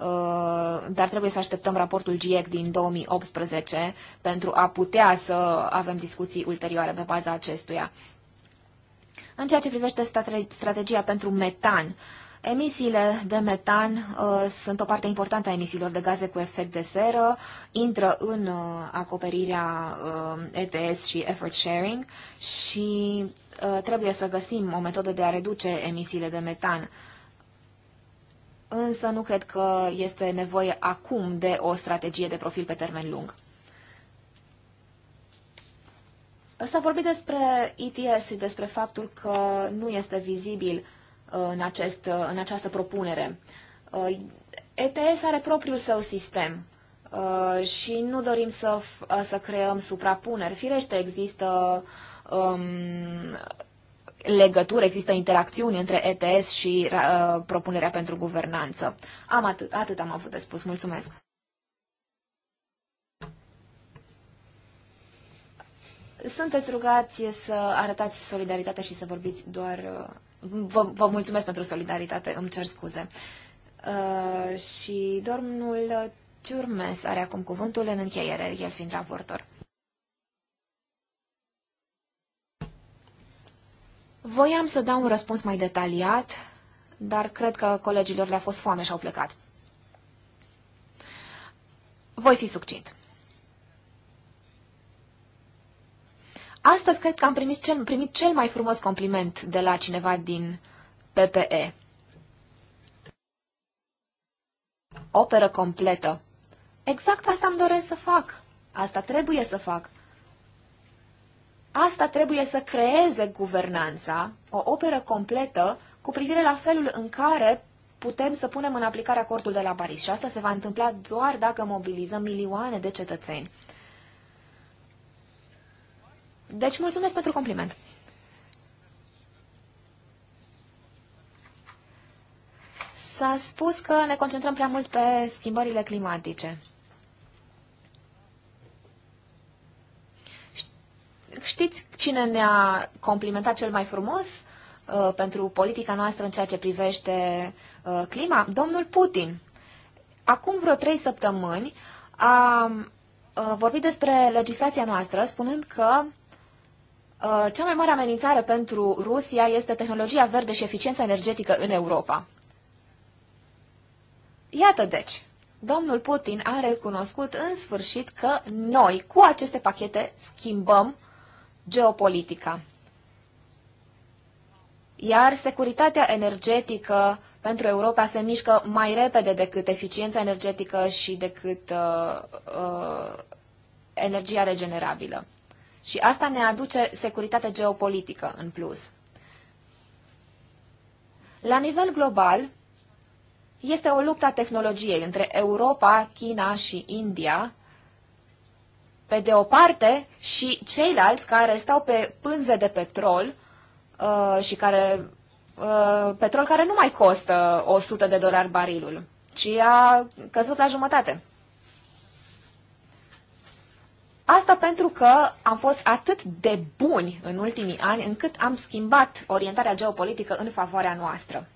[SPEAKER 2] uh, dar trebuie să așteptăm raportul GIEC din 2018 pentru a putea să avem discuții ulterioare pe baza acestuia. În ceea ce privește strategia pentru metan, Emisiile de metan uh, sunt o parte importantă a emisiilor de gaze cu efect de seră, intră în uh, acoperirea uh, ETS și effort sharing și uh, trebuie să găsim o metodă de a reduce emisiile de metan. Însă nu cred că este nevoie acum de o strategie de profil pe termen lung. S-a vorbit despre ETS și despre faptul că nu este vizibil uh, în, acest, în această propunere. Uh, ETS are propriul său sistem uh, și nu dorim să, uh, să creăm suprapuneri. Firește, există um, legături, există interacțiuni între ETS și uh, propunerea pentru guvernanță. Am atât, atât am avut de spus. Mulțumesc! Sunteți rugați să arătați solidaritate și să vorbiți doar Vă, vă mulțumesc pentru solidaritate, îmi cer scuze. Uh, și domnul Ciurmes are acum cuvântul în încheiere, el fiind raportor. Voiam să dau un răspuns mai detaliat, dar cred că colegilor le-a fost foame și au plecat. Voi fi succint. Astăzi cred că am primit cel, primit cel mai frumos compliment de la cineva din PPE. Operă completă. Exact asta îmi doresc să fac. Asta trebuie să fac. Asta trebuie să creeze guvernanța, o operă completă cu privire la felul în care putem să punem în aplicare acordul de la Paris. Și asta se va întâmpla doar dacă mobilizăm milioane de cetățeni. Deci, mulțumesc pentru compliment. S-a spus că ne concentrăm prea mult pe schimbările climatice. Știți cine ne-a complimentat cel mai frumos uh, pentru politica noastră în ceea ce privește uh, clima? Domnul Putin. Acum vreo trei săptămâni a, uh, vorbit despre legislația noastră, spunând că Uh, cea mai mare amenințare pentru Rusia este tehnologia verde și eficiența energetică în Europa. Iată deci, domnul Putin a recunoscut în sfârșit că noi, cu aceste pachete, schimbăm geopolitica. Iar securitatea energetică pentru Europa se mișcă mai repede decât eficiența energetică și decât uh, uh, energia regenerabilă. Și asta ne aduce securitate geopolitică în plus. La nivel global, este o luptă a tehnologiei între Europa, China și India, pe de o parte, și ceilalți care stau pe pânze de petrol uh, și care uh, petrol care nu mai costă 100 de dolari barilul, ci a căzut la jumătate. Asta pentru că am fost atât de buni în ultimii ani încât am schimbat orientarea geopolitică în favoarea noastră.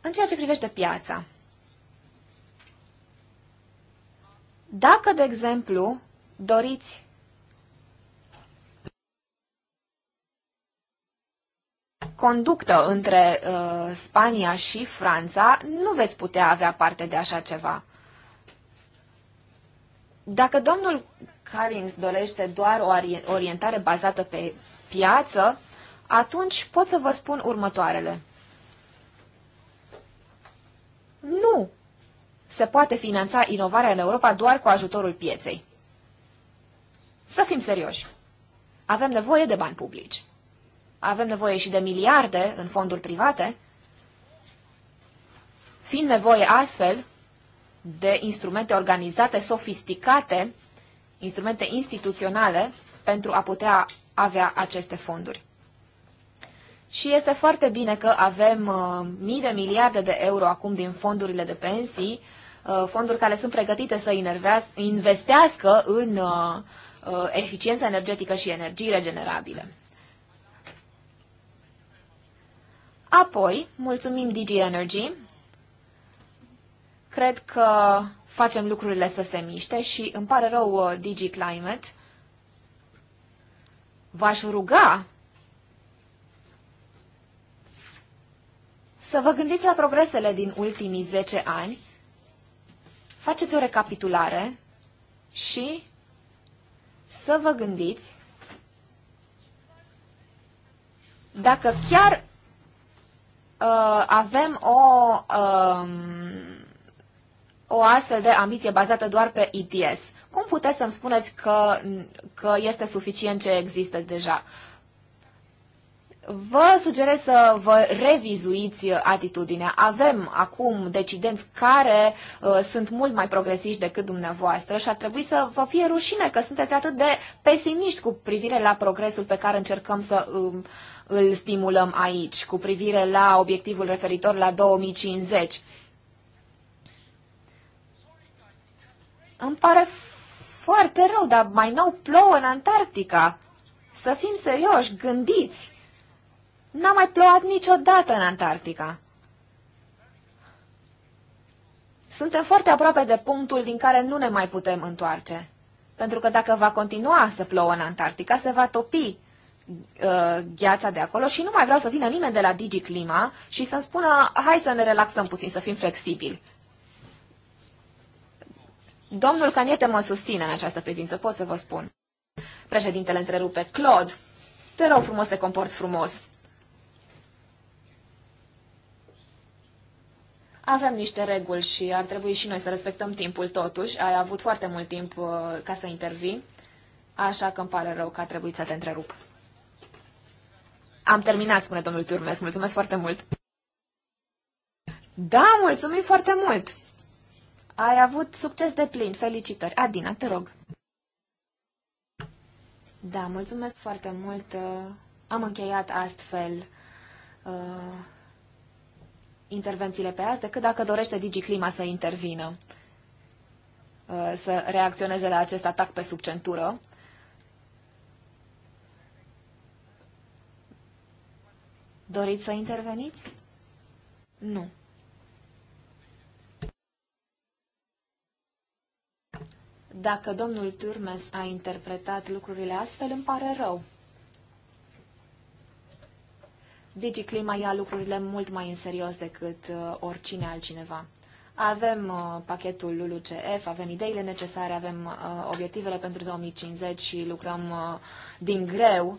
[SPEAKER 2] În ceea ce privește piața, dacă, de exemplu, doriți conductă între uh, Spania și Franța, nu veți putea avea parte de așa ceva. Dacă domnul Carins dorește doar o orientare bazată pe piață, atunci pot să vă spun următoarele. Nu se poate finanța inovarea în Europa doar cu ajutorul pieței. Să fim serioși. Avem nevoie de bani publici avem nevoie și de miliarde în fonduri private, fiind nevoie astfel de instrumente organizate, sofisticate, instrumente instituționale pentru a putea avea aceste fonduri. Și este foarte bine că avem uh, mii de miliarde de euro acum din fondurile de pensii, uh, fonduri care sunt pregătite să investească în uh, uh, eficiența energetică și energii regenerabile. Apoi, mulțumim DG Energy. Cred că facem lucrurile să se miște și îmi pare rău uh, DG Climate. V-aș ruga să vă gândiți la progresele din ultimii 10 ani, faceți o recapitulare și să vă gândiți dacă chiar uh, avem o, um, o astfel de ambiție bazată doar pe ETS. Cum puteți să-mi spuneți că, că este suficient ce există deja? Vă sugerez să vă revizuiți atitudinea. Avem acum decidenți care uh, sunt mult mai progresiști decât dumneavoastră și ar trebui să vă fie rușine că sunteți atât de pesimiști cu privire la progresul pe care încercăm să uh, îl stimulăm aici cu privire la obiectivul referitor la 2050. Îmi pare foarte rău, dar mai nou plouă în Antarctica. Să fim serioși, gândiți! N-a mai plouat niciodată în Antarctica. Suntem foarte aproape de punctul din care nu ne mai putem întoarce. Pentru că dacă va continua să plouă în Antarctica, se va topi Uh, gheața de acolo și nu mai vreau să vină nimeni de la DigiClima și să-mi spună hai să ne relaxăm puțin, să fim flexibili. Domnul Caniete mă susține în această privință, pot să vă spun. Președintele întrerupe. Claude, te rog frumos te comporți frumos. Avem niște reguli și ar trebui și noi să respectăm timpul totuși. Ai avut foarte mult timp uh, ca să intervii, așa că îmi pare rău că a trebuit să te întrerup. Am terminat, spune domnul Turmes. Mulțumesc foarte mult. Da, mulțumim foarte mult. Ai avut succes de plin. Felicitări. Adina, te rog. Da, mulțumesc foarte mult. Uh, am încheiat astfel uh, intervențiile pe azi, decât dacă dorește DigiClima să intervină, uh, să reacționeze la acest atac pe subcentură. Doriți să interveniți? Nu. Dacă domnul Turmes a interpretat lucrurile astfel, îmi pare rău. DigiClima ia lucrurile mult mai în serios decât uh, oricine altcineva. Avem uh, pachetul LULUCF, avem ideile necesare, avem uh, obiectivele pentru 2050 și lucrăm uh, din greu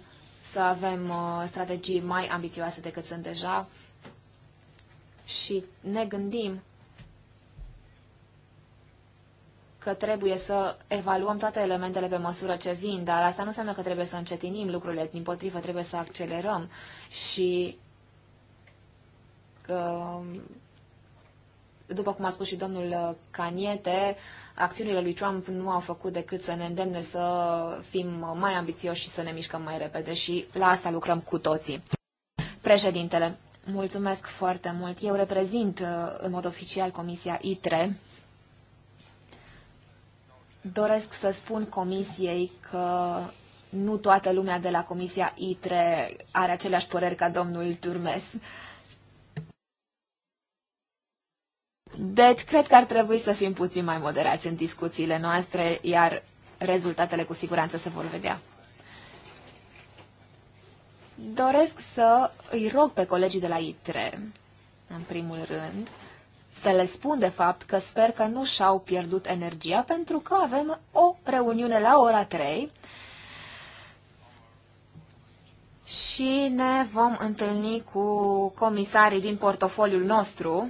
[SPEAKER 2] să avem uh, strategii mai ambițioase decât sunt deja și ne gândim că trebuie să evaluăm toate elementele pe măsură ce vin, dar asta nu înseamnă că trebuie să încetinim lucrurile, din potrivă trebuie să accelerăm și uh, după cum a spus și domnul uh, Caniete, acțiunile lui Trump nu au făcut decât să ne îndemne să fim mai ambițioși și să ne mișcăm mai repede și la asta lucrăm cu toții. Președintele, mulțumesc foarte mult. Eu reprezint uh, în mod oficial Comisia ITRE. Doresc să spun Comisiei că nu toată lumea de la Comisia ITRE are aceleași păreri ca domnul Turmes. Deci, cred că ar trebui să fim puțin mai moderați în discuțiile noastre, iar rezultatele cu siguranță se vor vedea. Doresc să îi rog pe colegii de la ITRE, în primul rând, să le spun de fapt că sper că nu și-au pierdut energia pentru că avem o reuniune la ora 3 și ne vom întâlni cu comisarii din portofoliul nostru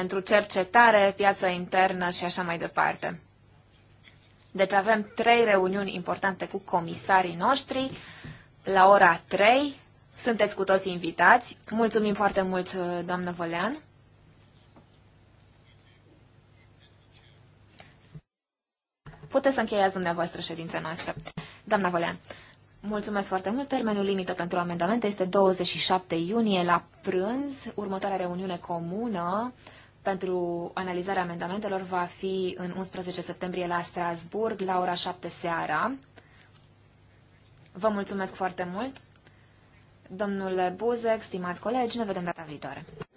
[SPEAKER 2] pentru cercetare, piața internă și așa mai departe. Deci avem trei reuniuni importante cu comisarii noștri la ora 3. Sunteți cu toți invitați. Mulțumim foarte mult, doamnă Volean. Puteți să încheiați dumneavoastră ședința noastră. Doamna Volean, mulțumesc foarte mult. Termenul limită pentru amendamente este 27 iunie la prânz, următoarea reuniune comună pentru analizarea amendamentelor va fi în 11 septembrie la Strasburg, la ora 7 seara. Vă mulțumesc foarte mult. Domnule Buzek, stimați colegi, ne vedem data viitoare.